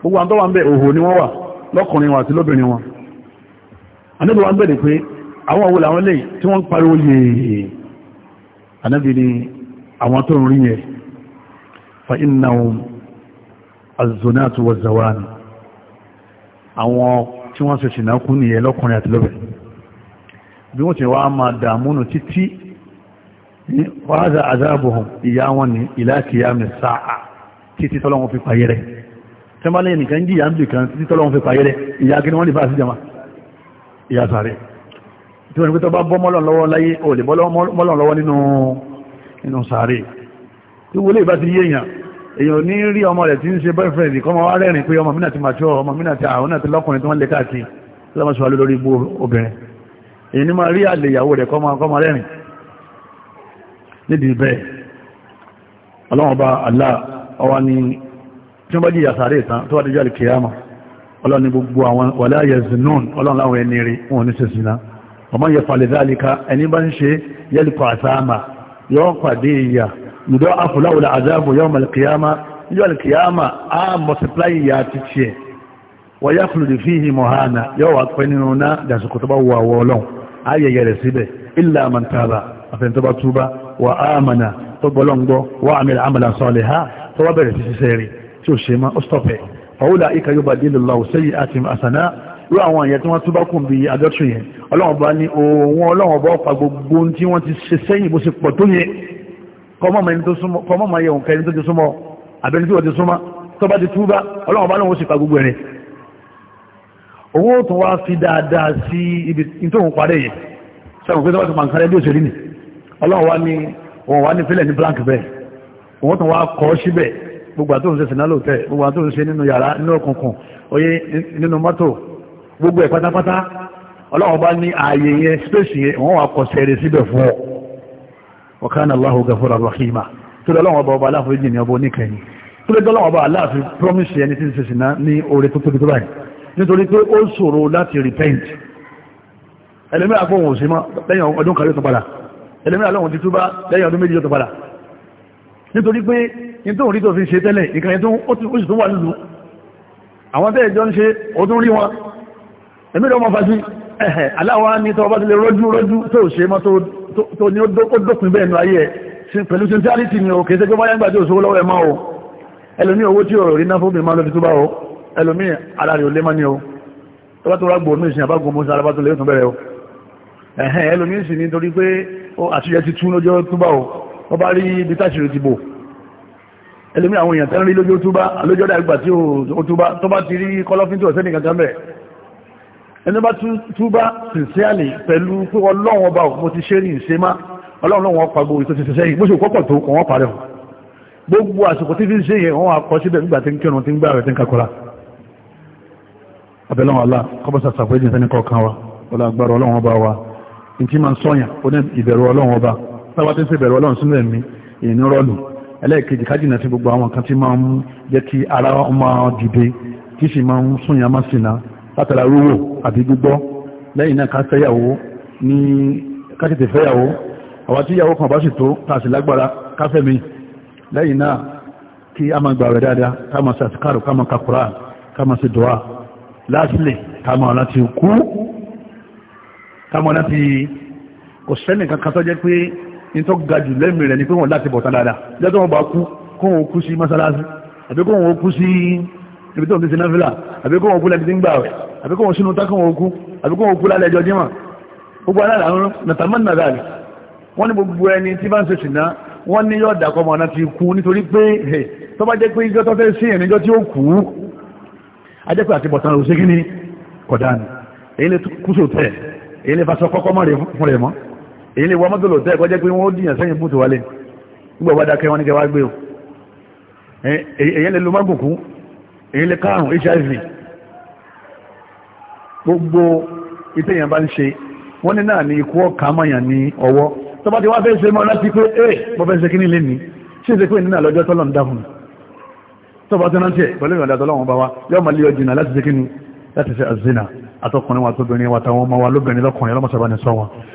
gbogbo àwọn tó wà ń bẹ òhò ni wọ́n wà lọ́kùnrin wọn àti lóbìnrin wọn anábì wọn bẹ̀rẹ̀ pé àwọn òwò làwọn lẹ́yìn tí wọ́n ń pariwo yèèyè anábì ni àwọn tó rí yẹ fa innahum az-zunatu waz-zawani àwọn tí wọ́n ṣe ṣìnà kú lọ́kùnrin àti lóbìnrin bí wọ́n ti wá tẹ́mbálẹ̀ nìkan jíyà ń bì kan títí tọ́lọ́wọ́n fi pàyẹ́rẹ́ ìyá kí ni wọ́n lè fà sí jama ìyá sàárẹ̀ tí wọ́n ni pé tọ́ bá bọ́ mọ́lọ̀ lọ́wọ́ láyé ò lè bọ́lọ̀ lọ́wọ́ nínú sàárẹ̀ tí wọlé ìbá ti yéèyàn èyàn ní rí ọmọ rẹ̀ tí ń ṣe boyfriend kọ́ ọmọ wa rẹ́rìn pé ọmọ mínà ti màtúọ̀ ọmọ mínà ti àwọn náà ti lọ́kùnrin tí wọ́n lè káàkiri lọ́mọṣọ́ wa lórí ibú obìnrin èyí ni máa rí àlè ìyàwó rẹ̀ kọ́ ọmọ rẹ́rìn nídìí bẹ́ẹ̀ ọlọ́wọ́n bá Allah ọwá ni tí wọ́n bá jìyà sàárè tán tó wà díjọ́ alìkìyàmà ọlọ́run ni gbogbo àwọn wàlá yaznun ọlọ́run láwọn ẹni rí wọn ní sẹ́sìnà ọmọ yẹ falẹ̀dálika ẹni bá ń ṣe yẹ́lìkọ̀ àsáàmà yọ́ pàdé ìyà lùdọ́ afúláwòlà àzáàbò yọ́ malìkìyàmà níjọ́ alìkìyàmà a multiply ìyà ti tiẹ̀ wọ́n yá fúlùdì fi hì mọ̀hánà yọ́ wà pẹ́ nínú ná dàsìkò tó bá wọ túbá wà áàmànà tó gbọ́lọ́ wà àmì àmàlà sọ́ọ̀lẹ̀ ha tó wá bẹ̀rẹ̀ sí ṣiṣẹ́ tí ó ṣe má ó stọ̀pẹ̀ ọ̀húlà ìka yóò bá délé lọ sẹ́yìn àti àsànà rú àwọn àyẹ̀ tí wọ́n tún bá kùn bí adọ́tù yẹn ọlọ́run bá ní òun ọlọ́run bá pa gbogbo tí wọ́n ti ṣe sẹ́yìn bó ṣe pọ̀ tó yẹ kọ́mọ́mọ́ yẹ òǹkà ẹni tó ti súnmọ́ àbẹ́ni tí wọ́n ti súnmọ́ tó bá ti gbogbo àtúnṣe sínà lóòtẹ́ gbogbo àtúnṣe nínú yàrá nínú òkùnkùn oyé nínú mọ́tò gbogbo ẹ̀ pátápátá ọlọ́run bá ní ààyè yẹn spéṣì yẹn wọ́n wà kọ sẹ́rẹ̀ síbẹ̀ fún ọ wa kana Allahu gafura rahima tó lọ ọlọ́run ọba ọba aláàfin jìnnì ọba oníkẹyìn tó lọ ọlọ́run ọba aláàfin promise ẹni tí ń ṣe sínà ní oore tó tóbi tó báyìí nítorí pé ó ṣòro láti repent ẹlẹ́mìíràn fóun ò sí mọ́ lẹ́yìn ọdún kan yóò tó padà ẹlẹ́mìíràn lọ́wọ́n ti túbá lẹ́yìn ọdún méjì yóò tó padà nítorí pé in tó rí tó fi ṣe tẹ́lẹ̀ ìkànnì tó ó sì tó wà nílùú àwọn tẹ́ẹ̀ jọ ń ṣe ọdún rí wọn ẹ̀mí lọ́mọ fásí ẹ̀hẹ̀ aláwọ̀ ní tọ́ bá ti lè rọ́jú rọ́jú tó ṣe mọ́ tó ní ó dópin bẹ́ẹ̀ nù ayé ẹ̀ pẹ̀lú o kìí ṣe pé báyá ń gbà tí òṣòwò lọ́wọ́ o ẹlòmí o ẹlòmí ara rẹ̀ ò o tó bá tó rágbò ní ìsìn àbágun mọ́sá alábá tó lè o ẹ̀hẹ̀ ẹlòmí sì nítorí pé àṣìyẹ ti tún lójọ́ túbá o wọ́n bá rí ibi táṣìrì ti bò ẹlòmí àwọn èèyàn tẹ́rin lójú túbá lójọ́ dàgbà tí ó túbá tó bá ti rí kọlọ́fín tí ọ̀sẹ́nì kankan bẹ̀ ẹni bá túbá sincerely pẹ̀lú pé ọlọ́run ọba mo ti ṣe ní ìṣe má ọlọ́run wọn pàgbó ìtò ti ṣiṣẹ́ yìí bó ṣe kọ́kọ̀ tó kọ̀ wọ́n parẹ́ wọn gbogbo àsìkò tí fi ń ṣe yẹn wọ́n wà kọ́ síbẹ̀ nígbà tí ń kírun tí ń gbà rẹ̀ tí ń kakọ́ra abẹ́lọ́wọ̀n alá kọ́bọ̀sà sàpẹ́jì fẹ́ni kọ̀ọ̀kan wa ọlọ́gbàrọ̀ ọlọ́run ọba wa ní tí máa ń sọ́yàn ó táwa tí ń ṣe bẹ̀rù ọlọ́run sínú ẹ̀mí ìnirọ́lù ẹlẹ́ẹ̀kejì kájìnà sí gbogbo àwọn kan tí máa ń jẹ́ kí ara máa dìde tí sì máa ń súnyà má sínà látara rúwò àbí gbígbọ́ lẹ́yìn náà ká fẹ́yàwó ní ká tètè fẹ́yàwó àwọn tí ìyàwó kan bá sì tó tá a lágbára ká mi lẹ́yìn náà kí a máa gbàwẹ̀ dáadáa ká máa ṣàtìkárò ká máa kakura ká máa ṣe dùá lásìlẹ̀ ká máa láti kú ká máa láti kò sẹ́nì kankan tó jẹ́ pé ní tó ga jù rẹ̀ ni pé wọ́n láti bọ̀tán dáadáa jẹ́tọ́ wọn bá kú kó wọn kú sí mọ́sálásí àbí kó wọn kú sí ibi tó ń tẹ́sí náfìlà àbí kó wọn kú lẹ́bi tí ń gbà rẹ̀ àbí kó wọn sínú tá kó wọn kú àbí kó wọn kú lálẹ́ ẹjọ́ jímọ̀ gbogbo alára ń nàtàmọ́ nàdàlì wọ́n ní gbogbo ẹni tí bá ń ṣe ṣìná wọ́n ní yóò dàkọ́ ọmọ ọ̀nà ti kú nítorí pé tó bá jẹ́ pé ijọ́ tó fẹ́ sí èyí lè wọ mọ́tò lò tẹ́ẹ̀kọ́ jẹ́ pé wọ́n dìyàn sẹ́yìn bùtù wálé gbogbo ọba dákẹ́ wọn ní kẹwàá gbé o èyí lè lo mágùnkú èyí lè káàrùn hiv gbogbo ìtẹ̀yàn bá ń ṣe wọ́n ní náà ní ikú ọ̀ka mọ̀yàn ní ọwọ́ tó bá ti wá fẹ́ ṣe mọ́ láti pé ẹ̀ mo fẹ́ ṣe kíní lénìí ṣé ṣe pé nínú àlọ́jọ́ tọ́lọ̀ ń dá fún mi tó bá tó rántí ẹ̀ pẹ̀lú ìrìnàjò tọ́lọ́wọ́n bá wa yọ́ mọ̀ lé